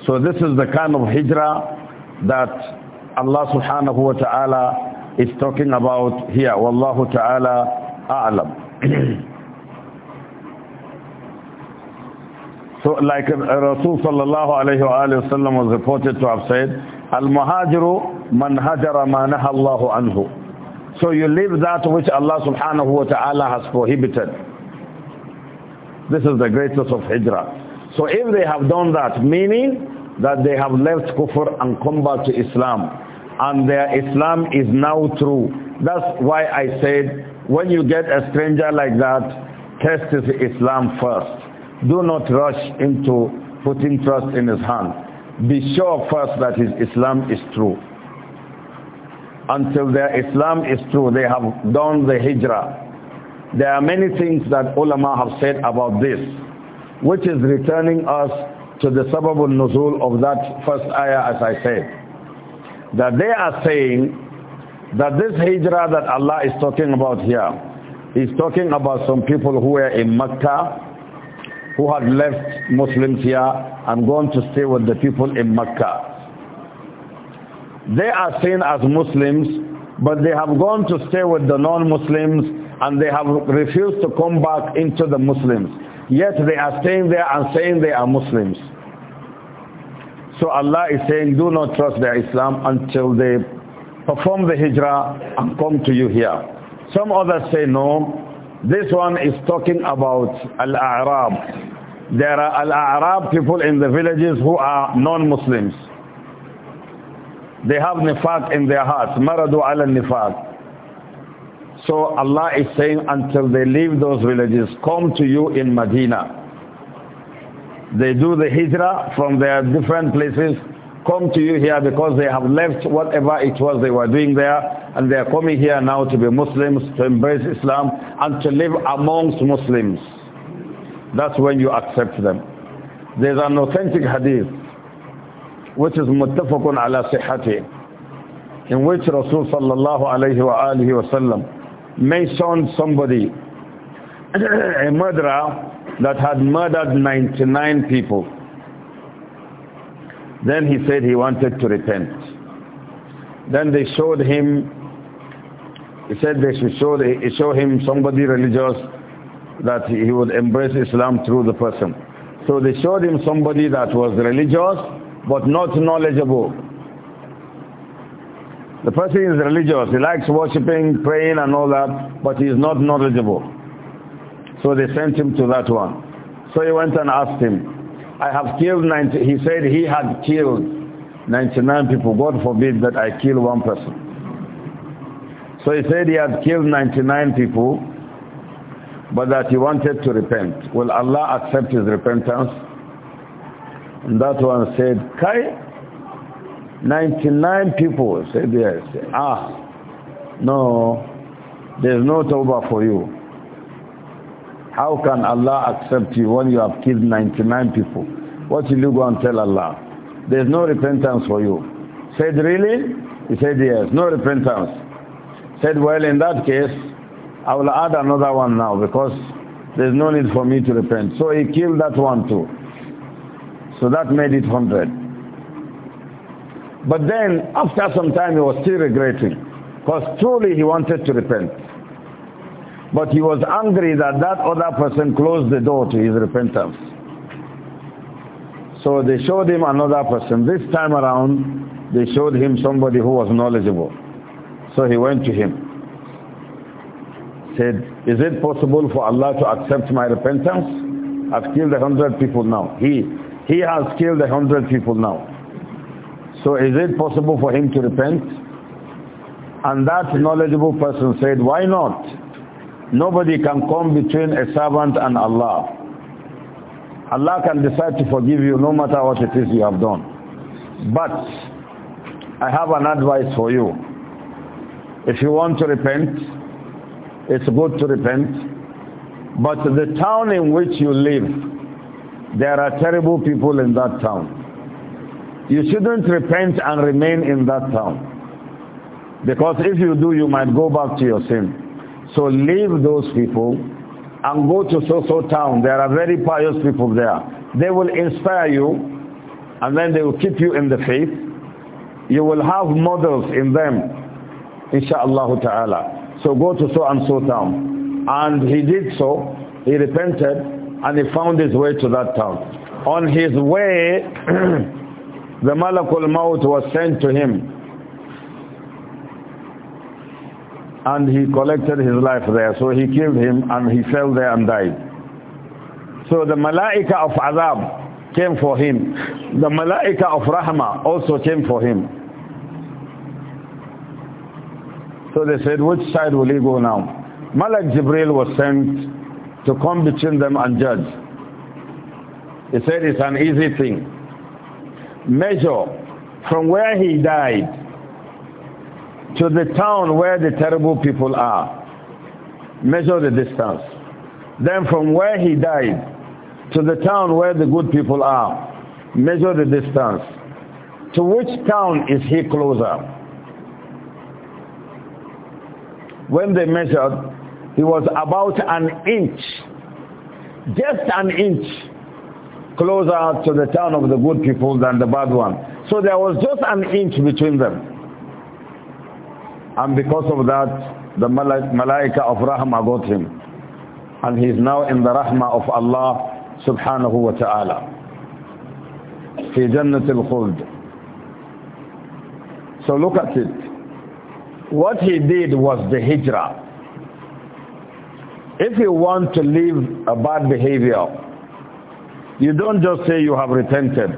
So this is the kind of hijrah that Allah subhanahu wa ta'ala is talking about here. Wallahu ta'ala a'lam. [clears throat] So like uh, Rasul sallallahu alayhi wa sallam was reported to have said, Al-Muhajiru man hajara ma Allahu anhu. So you leave that which Allah subhanahu wa ta'ala has prohibited. This is the greatest of hijrah. So if they have done that, meaning that they have left kufr and come back to Islam, and their Islam is now true. That's why I said, when you get a stranger like that, test his Islam first. Do not rush into putting trust in his hand. Be sure first that his Islam is true. Until their Islam is true, they have done the hijrah. There are many things that ulama have said about this, which is returning us to the sababul nuzul of that first ayah as I said. That they are saying that this hijrah that Allah is talking about here, is talking about some people who were in Mecca who had left Muslims here and gone to stay with the people in Mecca. They are seen as Muslims, but they have gone to stay with the non-Muslims and they have refused to come back into the Muslims. Yet they are staying there and saying they are Muslims. So Allah is saying, do not trust their Islam until they perform the hijrah and come to you here. Some others say, no, this one is talking about Al-A'rab. There are Al-A'rab people in the villages who are non-Muslims. They have nifaq in their hearts. Maradu ala nifaq. So Allah is saying until they leave those villages, come to you in Medina. They do the hijrah from their different places come to you here because they have left whatever it was they were doing there and they are coming here now to be Muslims, to embrace Islam and to live amongst Muslims. That's when you accept them. There's an authentic hadith which is muttafaqun ala sihati in which Rasul sallallahu alayhi wa alihi wa sallam mentioned somebody, [clears throat] a murderer that had murdered 99 people then he said he wanted to repent. Then they showed him, he said they should show, the, show him somebody religious that he would embrace Islam through the person. So they showed him somebody that was religious but not knowledgeable. The person is religious, he likes worshipping, praying and all that, but he is not knowledgeable. So they sent him to that one. So he went and asked him, I have killed 90, he said he had killed 99 people. God forbid that I kill one person. So he said he had killed 99 people, but that he wanted to repent. Will Allah accept his repentance? And that one said, Kai, 99 people. Said yes. Ah, no, there's no Tawbah for you. How can Allah accept you when you have killed 99 people? What will you go and tell Allah? There's no repentance for you. Said, really? He said, yes, no repentance. Said, well, in that case, I will add another one now because there's no need for me to repent. So he killed that one too. So that made it 100. But then, after some time, he was still regretting because truly he wanted to repent. But he was angry that that other person closed the door to his repentance. So they showed him another person. This time around, they showed him somebody who was knowledgeable. So he went to him. Said, is it possible for Allah to accept my repentance? I've killed a hundred people now. He, he has killed a hundred people now. So is it possible for him to repent? And that knowledgeable person said, why not? Nobody can come between a servant and Allah. Allah can decide to forgive you no matter what it is you have done. But I have an advice for you. If you want to repent, it's good to repent. But the town in which you live, there are terrible people in that town. You shouldn't repent and remain in that town. Because if you do, you might go back to your sin. So leave those people and go to so-so town. There are very pious people there. They will inspire you and then they will keep you in the faith. You will have models in them, inshallah ta'ala. So go to so and so town. And he did so. He repented and he found his way to that town. On his way, [clears throat] the Malakul Maut was sent to him and he collected his life there. So he killed him and he fell there and died. So the malaika of azab came for him. The malaika of rahma also came for him. So they said, which side will he go now? Malak Jibril was sent to come between them and judge. He said it's an easy thing. Measure from where he died to the town where the terrible people are. Measure the distance. Then from where he died to the town where the good people are, measure the distance. To which town is he closer? When they measured, he was about an inch, just an inch closer to the town of the good people than the bad one. So there was just an inch between them. And because of that, the Malaika of rahma got him. And he is now in the rahma of Allah subhanahu wa ta'ala. في جنة الخلد. So look at it. What he did was the hijrah. If you want to leave a bad behavior, you don't just say you have repented.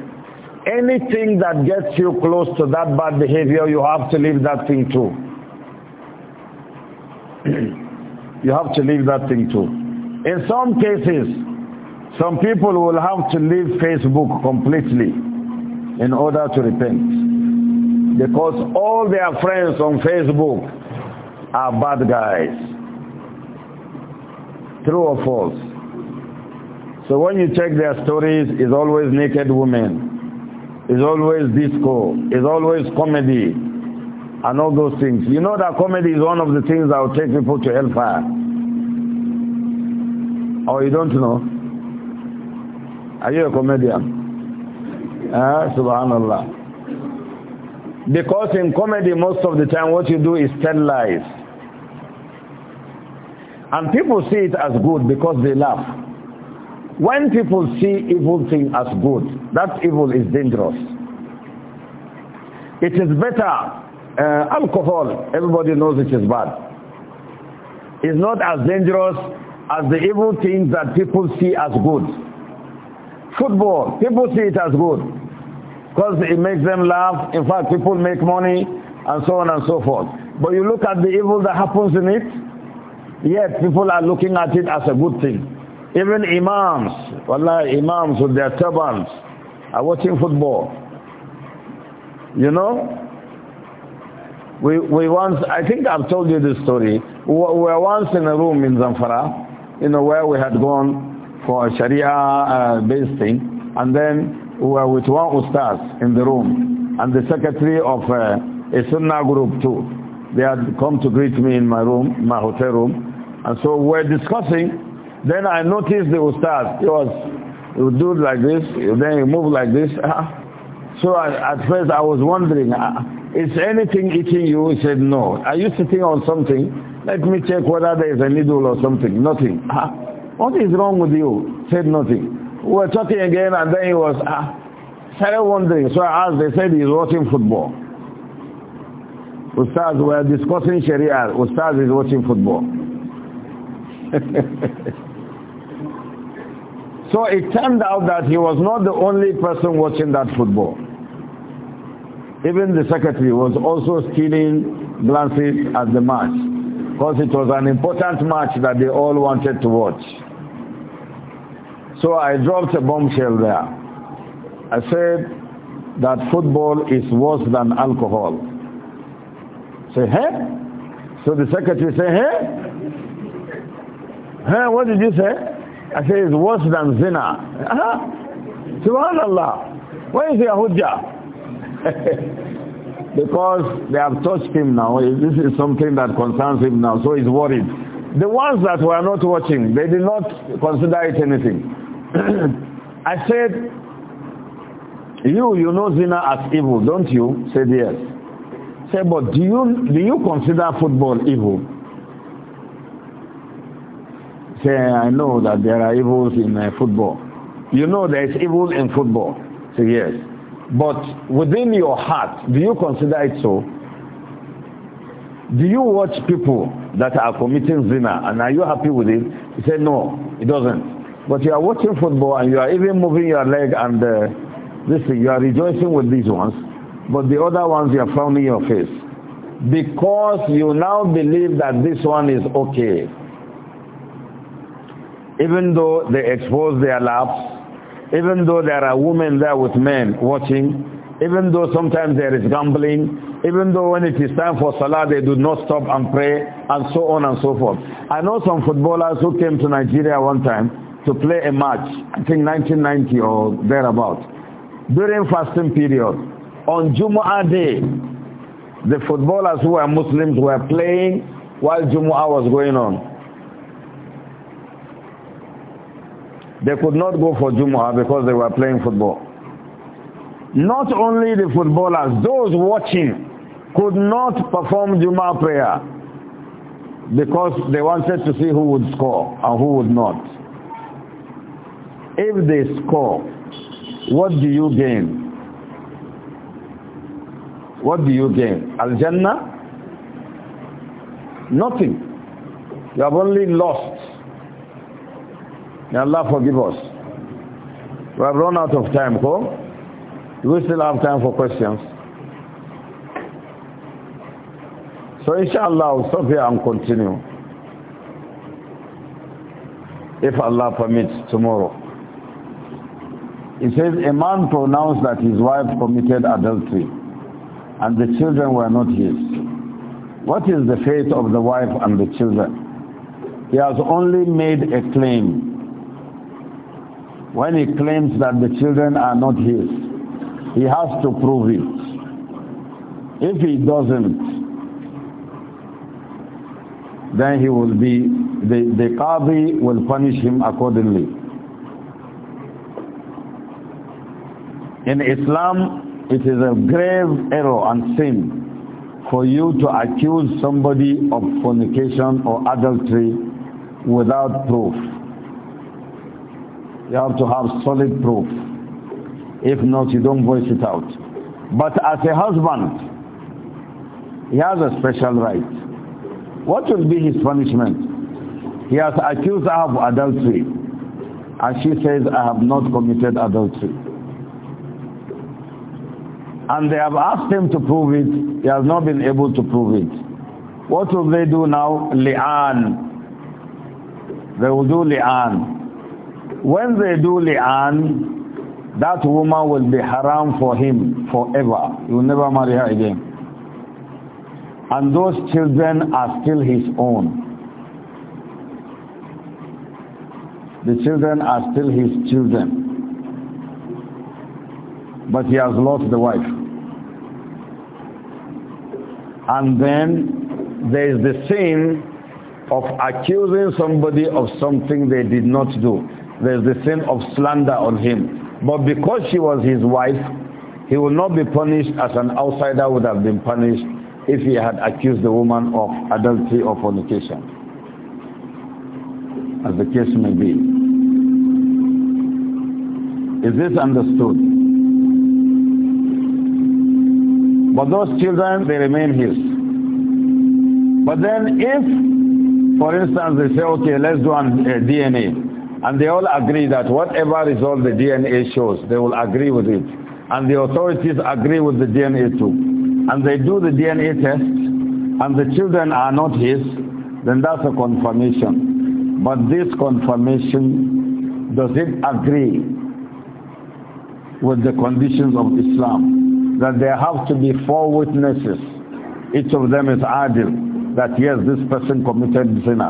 Anything that gets you close to that bad behavior, you have to leave that thing too you have to leave that thing too. In some cases, some people will have to leave Facebook completely in order to repent. Because all their friends on Facebook are bad guys. True or false? So when you check their stories, it's always naked women. It's always disco. It's always comedy and all those things. You know that comedy is one of the things that will take people to hellfire. Or you don't know? Are you a comedian? Ah, subhanallah. Because in comedy, most of the time, what you do is tell lies. And people see it as good because they laugh. When people see evil thing as good, that evil is dangerous. It is better uh, alcohol, everybody knows it is bad. It's not as dangerous as the evil things that people see as good. Football, people see it as good because it makes them laugh. In fact, people make money and so on and so forth. But you look at the evil that happens in it, yet people are looking at it as a good thing. Even imams, wallah, imams with their turbans are watching football. You know? We, we once, I think I've told you this story. We were once in a room in Zamfara, you know, where we had gone for a Sharia-based uh, thing, and then we were with one ustaz in the room, and the secretary of uh, a Sunnah group too. They had come to greet me in my room, my hotel room, and so we were are discussing. Then I noticed the ustaz, he was, he would do like this, then he moved like this. [laughs] So I, at first I was wondering, uh, is anything eating you? He said, no. Are you sitting on something? Let me check whether there is a needle or something. Nothing. Ah, what is wrong with you? Said nothing. We were talking again and then he was, ah, started wondering. So I asked, they said he's watching football. Ustaz, we are discussing Sharia. Ustaz is watching football. [laughs] so it turned out that he was not the only person watching that football. Even the secretary was also stealing glances at the match, because it was an important match that they all wanted to watch. So I dropped a bombshell there. I said that football is worse than alcohol. Say, hey? So the secretary said, hey? Hey, what did you say? I said, it's worse than zina. Uh-huh. Subhanallah. Where is your hujjah? [laughs] because they have touched him now. This is something that concerns him now, so he's worried. The ones that were not watching, they did not consider it anything. [clears throat] I said, you, you know zina as evil, don't you? Said yes. Said, but do you, do you consider football evil? Say, I know that there are evils in uh, football. You know there is evil in football. Say yes. But within your heart, do you consider it so? Do you watch people that are committing zina and are you happy with it? You say, no, it doesn't. But you are watching football and you are even moving your leg and uh, you are rejoicing with these ones, but the other ones you are frowning your face. Because you now believe that this one is okay. Even though they expose their laps, even though there are women there with men watching, even though sometimes there is gambling, even though when it is time for Salah they do not stop and pray, and so on and so forth. I know some footballers who came to Nigeria one time to play a match, I think 1990 or thereabout, during fasting period. On Jumu'ah day, the footballers who were Muslims were playing while Jumu'ah was going on. They could not go for Jumu'ah because they were playing football. Not only the footballers, those watching could not perform Jumu'ah prayer because they wanted to see who would score and who would not. If they score, what do you gain? What do you gain? Al-Jannah? Nothing. You have only lost May Allah forgive us. We have run out of time, Ko. Do we still have time for questions? So inshallah, we'll stop here and continue. If Allah permits, tomorrow. It says, a man pronounced that his wife committed adultery and the children were not his. What is the fate of the wife and the children? He has only made a claim when he claims that the children are not his, he has to prove it. If he doesn't, then he will be, the, the Qadi will punish him accordingly. In Islam, it is a grave error and sin for you to accuse somebody of fornication or adultery without proof. You have to have solid proof. If not, you don't voice it out. But as a husband, he has a special right. What will be his punishment? He has accused her of adultery. And she says, I have not committed adultery. And they have asked him to prove it. He has not been able to prove it. What will they do now? Li'an. They will do li'an when they do li'an, that woman will be haram for him forever. He will never marry her again. And those children are still his own. The children are still his children. But he has lost the wife. And then there is the sin of accusing somebody of something they did not do there's the sin of slander on him. But because she was his wife, he will not be punished as an outsider would have been punished if he had accused the woman of adultery or fornication, as the case may be. Is this understood? But those children, they remain his. But then if, for instance, they say, okay, let's do an, DNA, and they all agree that whatever result the DNA shows, they will agree with it. And the authorities agree with the DNA too. And they do the DNA test, and the children are not his, then that's a confirmation. But this confirmation, does it agree with the conditions of Islam? That there have to be four witnesses. Each of them is adil. That yes, this person committed sinna.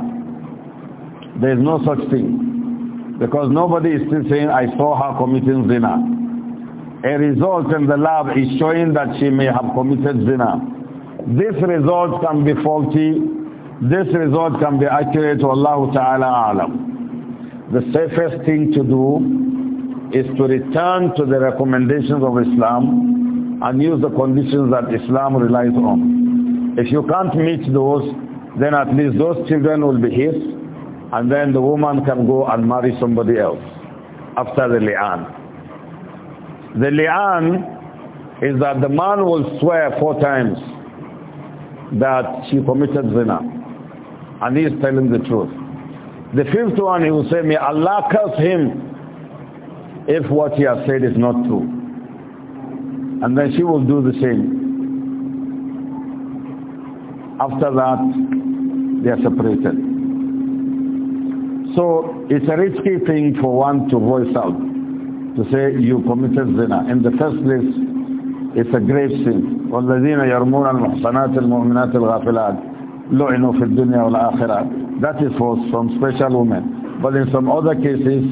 There is no such thing. Because nobody is still saying, I saw her committing zina. A result in the lab is showing that she may have committed zina. This result can be faulty. This result can be accurate to Allah Ta'ala Alam. The safest thing to do is to return to the recommendations of Islam and use the conditions that Islam relies on. If you can't meet those, then at least those children will be his and then the woman can go and marry somebody else after the li'an. The li'an is that the man will swear four times that she committed zina. And he is telling the truth. The fifth one, he will say, may Allah curse him if what he has said is not true. And then she will do the same. After that, they are separated. So it's a risky thing for one to voice out, to say you committed zina. In the first place, it's a grave sin. وَالَّذِينَ يَرْمُونَ الْمُحْصَنَاتِ الْمُؤْمِنَاتِ الْغَافِلَاتِ لُعِنُوا فِي الدُّنْيَا وَالْآخِرَةِ That is for some special women. But in some other cases,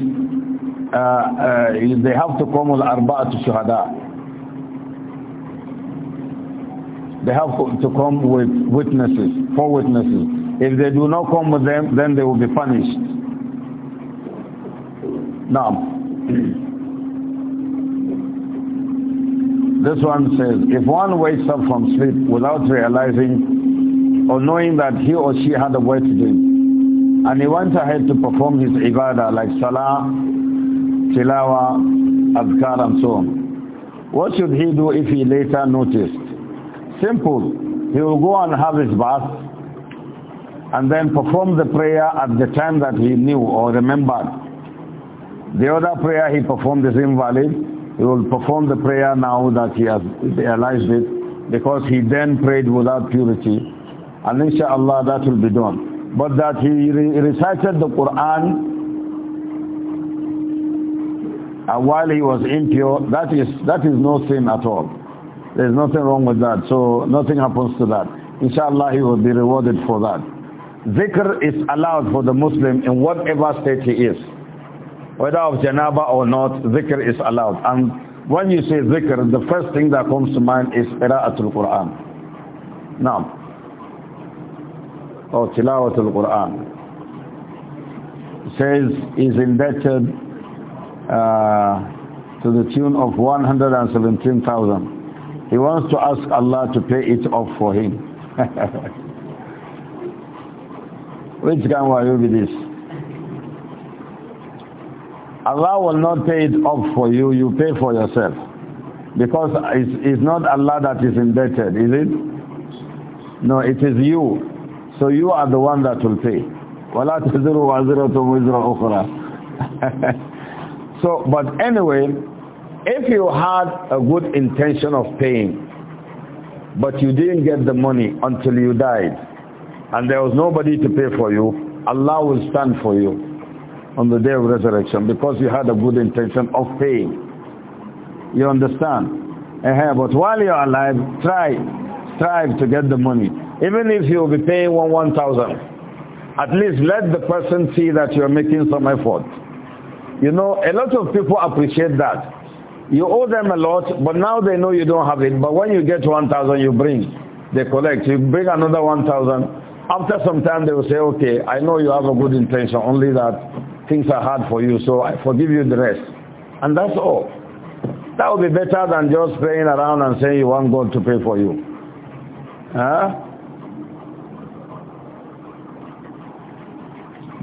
uh, uh, they have to come al-arba'atu shuhada. They have to come with witnesses, four witnesses. If they do not come with them, then they will be punished. Now, This one says, if one wakes up from sleep without realizing or knowing that he or she had a way to do, and he went ahead to perform his ibadah like salah, tilawa, adhkar, and so on, what should he do if he later noticed? Simple, he will go and have his bath and then perform the prayer at the time that he knew or remembered the other prayer he performed is invalid. He will perform the prayer now that he has realized it because he then prayed without purity. And inshallah that will be done. But that he re recited the Quran uh, while he was impure, that is, that is no sin at all. There's nothing wrong with that. So nothing happens to that. Inshallah he will be rewarded for that. Zikr is allowed for the Muslim in whatever state he is whether of janaba or not, zikr is allowed. And when you say zikr, the first thing that comes to mind is ira'atul Qur'an. Now, or tilawatul Qur'an. Says is indebted uh, to the tune of 117,000. He wants to ask Allah to pay it off for him. [laughs] Which kind will be this? Allah will not pay it off for you, you pay for yourself. Because it's, it's not Allah that is indebted, is it? No, it is you. So you are the one that will pay. وَلَا أُخْرَى [laughs] So, but anyway, if you had a good intention of paying, but you didn't get the money until you died, and there was nobody to pay for you, Allah will stand for you on the day of resurrection because you had a good intention of paying. You understand? but while you're alive, try, strive to get the money. Even if you'll be paying one one thousand, at least let the person see that you're making some effort. You know, a lot of people appreciate that. You owe them a lot, but now they know you don't have it. But when you get 1,000, you bring. They collect. You bring another 1,000. After some time, they will say, okay, I know you have a good intention, only that things are hard for you, so I forgive you the rest. And that's all. That would be better than just playing around and saying you want God to pay for you. Huh?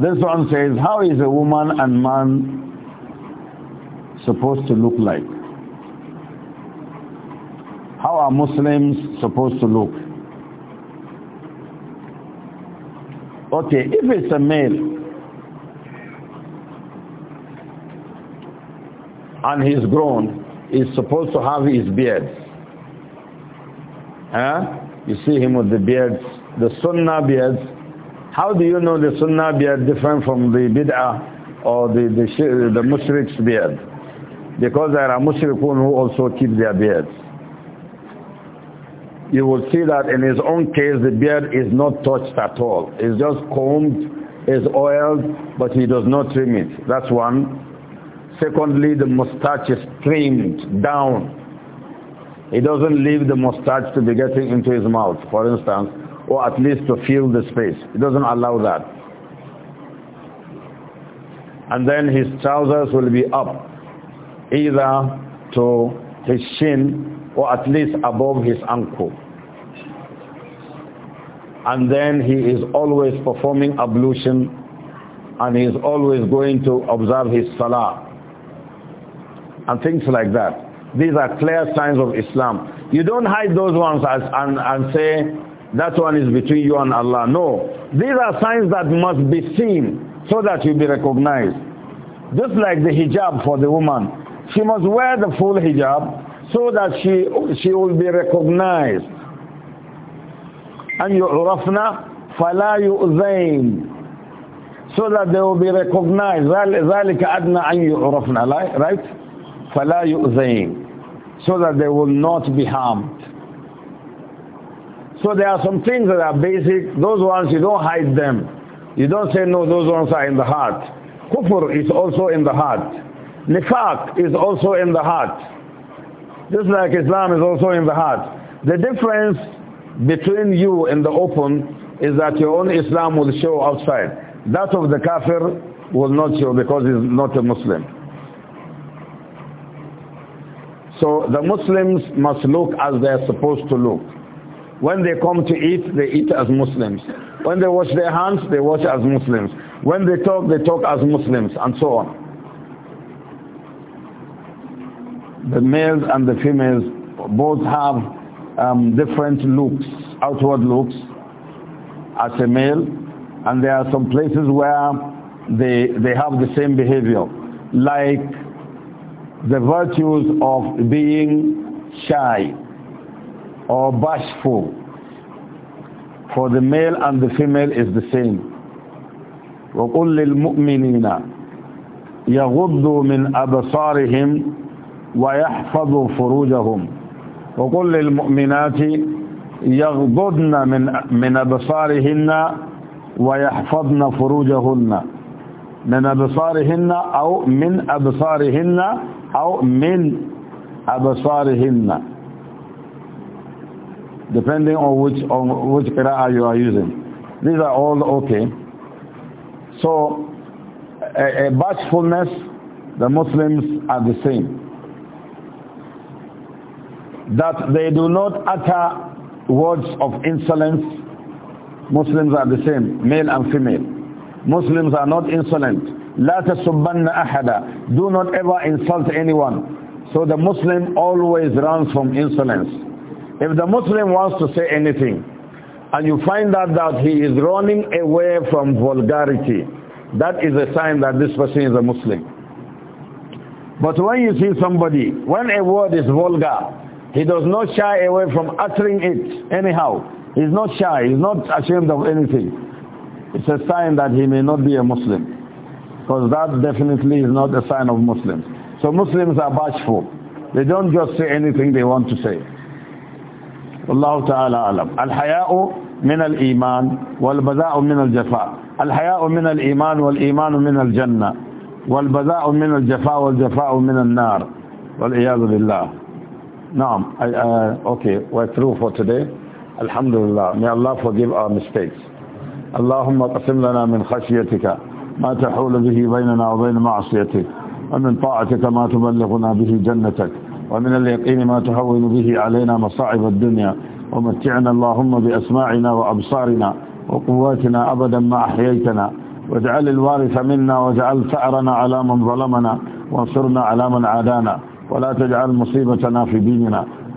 This one says, how is a woman and man supposed to look like? How are Muslims supposed to look? Okay, if it's a male, and he's grown is supposed to have his beard. Huh? You see him with the beards, the sunnah beards. How do you know the sunnah beard different from the bid'ah or the, the, the mushrik's beard? Because there are mushrikun who also keep their beards. You will see that in his own case the beard is not touched at all. It's just combed, is oiled, but he does not trim it. That's one. Secondly, the mustache is trimmed down. He doesn't leave the mustache to be getting into his mouth, for instance, or at least to fill the space. He doesn't allow that. And then his trousers will be up, either to his shin or at least above his ankle. And then he is always performing ablution and he is always going to observe his salah and things like that. These are clear signs of Islam. You don't hide those ones as, and, and say, that one is between you and Allah. No. These are signs that must be seen so that you be recognized. Just like the hijab for the woman. She must wear the full hijab so that she, she will be recognized. And يُعْرَفْنَا فَلَا يُؤْذَيْنَ So that they will be recognized. Right? فَلَا يُؤْذَيْنِ So that they will not be harmed. So there are some things that are basic. Those ones, you don't hide them. You don't say, no, those ones are in the heart. Kufr is also in the heart. Nifaq is also in the heart. Just like Islam is also in the heart. The difference between you and the open is that your own Islam will show outside. That of the kafir will not show because he's not a Muslim. So the Muslims must look as they are supposed to look. When they come to eat, they eat as Muslims. When they wash their hands, they wash as Muslims. When they talk, they talk as Muslims, and so on. The males and the females both have um, different looks, outward looks, as a male, and there are some places where they, they have the same behavior. Like the virtues of being shy or bashful for the male and the female is the same وقل للمؤمنين يغضوا من أبصارهم ويحفظوا فروجهم وقل للمؤمنات يغضضن من من أبصارهن ويحفظن فروجهن من أبصارهن أو من أبصارهن أو من أبصارهن depending on which on which qira'ah you are using these are all okay so a, a bashfulness the Muslims are the same that they do not utter words of insolence Muslims are the same male and female Muslims are not insolent لا تسبن أحدا Do not ever insult anyone. So the Muslim always runs from insolence. If the Muslim wants to say anything, and you find out that he is running away from vulgarity, that is a sign that this person is a Muslim. But when you see somebody, when a word is vulgar, he does not shy away from uttering it anyhow. He's not shy, he's not ashamed of anything. It's a sign that he may not be a Muslim because that definitely is not a sign of Muslims. So Muslims are bashful. They don't just say anything they want to say. Allah Ta'ala alam. Al-haya'u min al-iman wal-bada'u min al-jafa. Al-haya'u min al-iman wal-imanu min al-jannah. Wal-bada'u min al-jafa wal-jafa'u min al-nar. wal I, uh, okay, we're through for today. Alhamdulillah. May Allah forgive our mistakes. اللهم اقسم لنا من خشيتك ما تحول به بيننا وبين معصيتك ومن طاعتك ما تبلغنا به جنتك ومن اليقين ما تهون به علينا مصاعب الدنيا ومتعنا اللهم بأسماعنا وأبصارنا وقواتنا أبدا ما أحييتنا واجعل الوارث منا واجعل ثأرنا على من ظلمنا وانصرنا على من عادانا ولا تجعل مصيبتنا في ديننا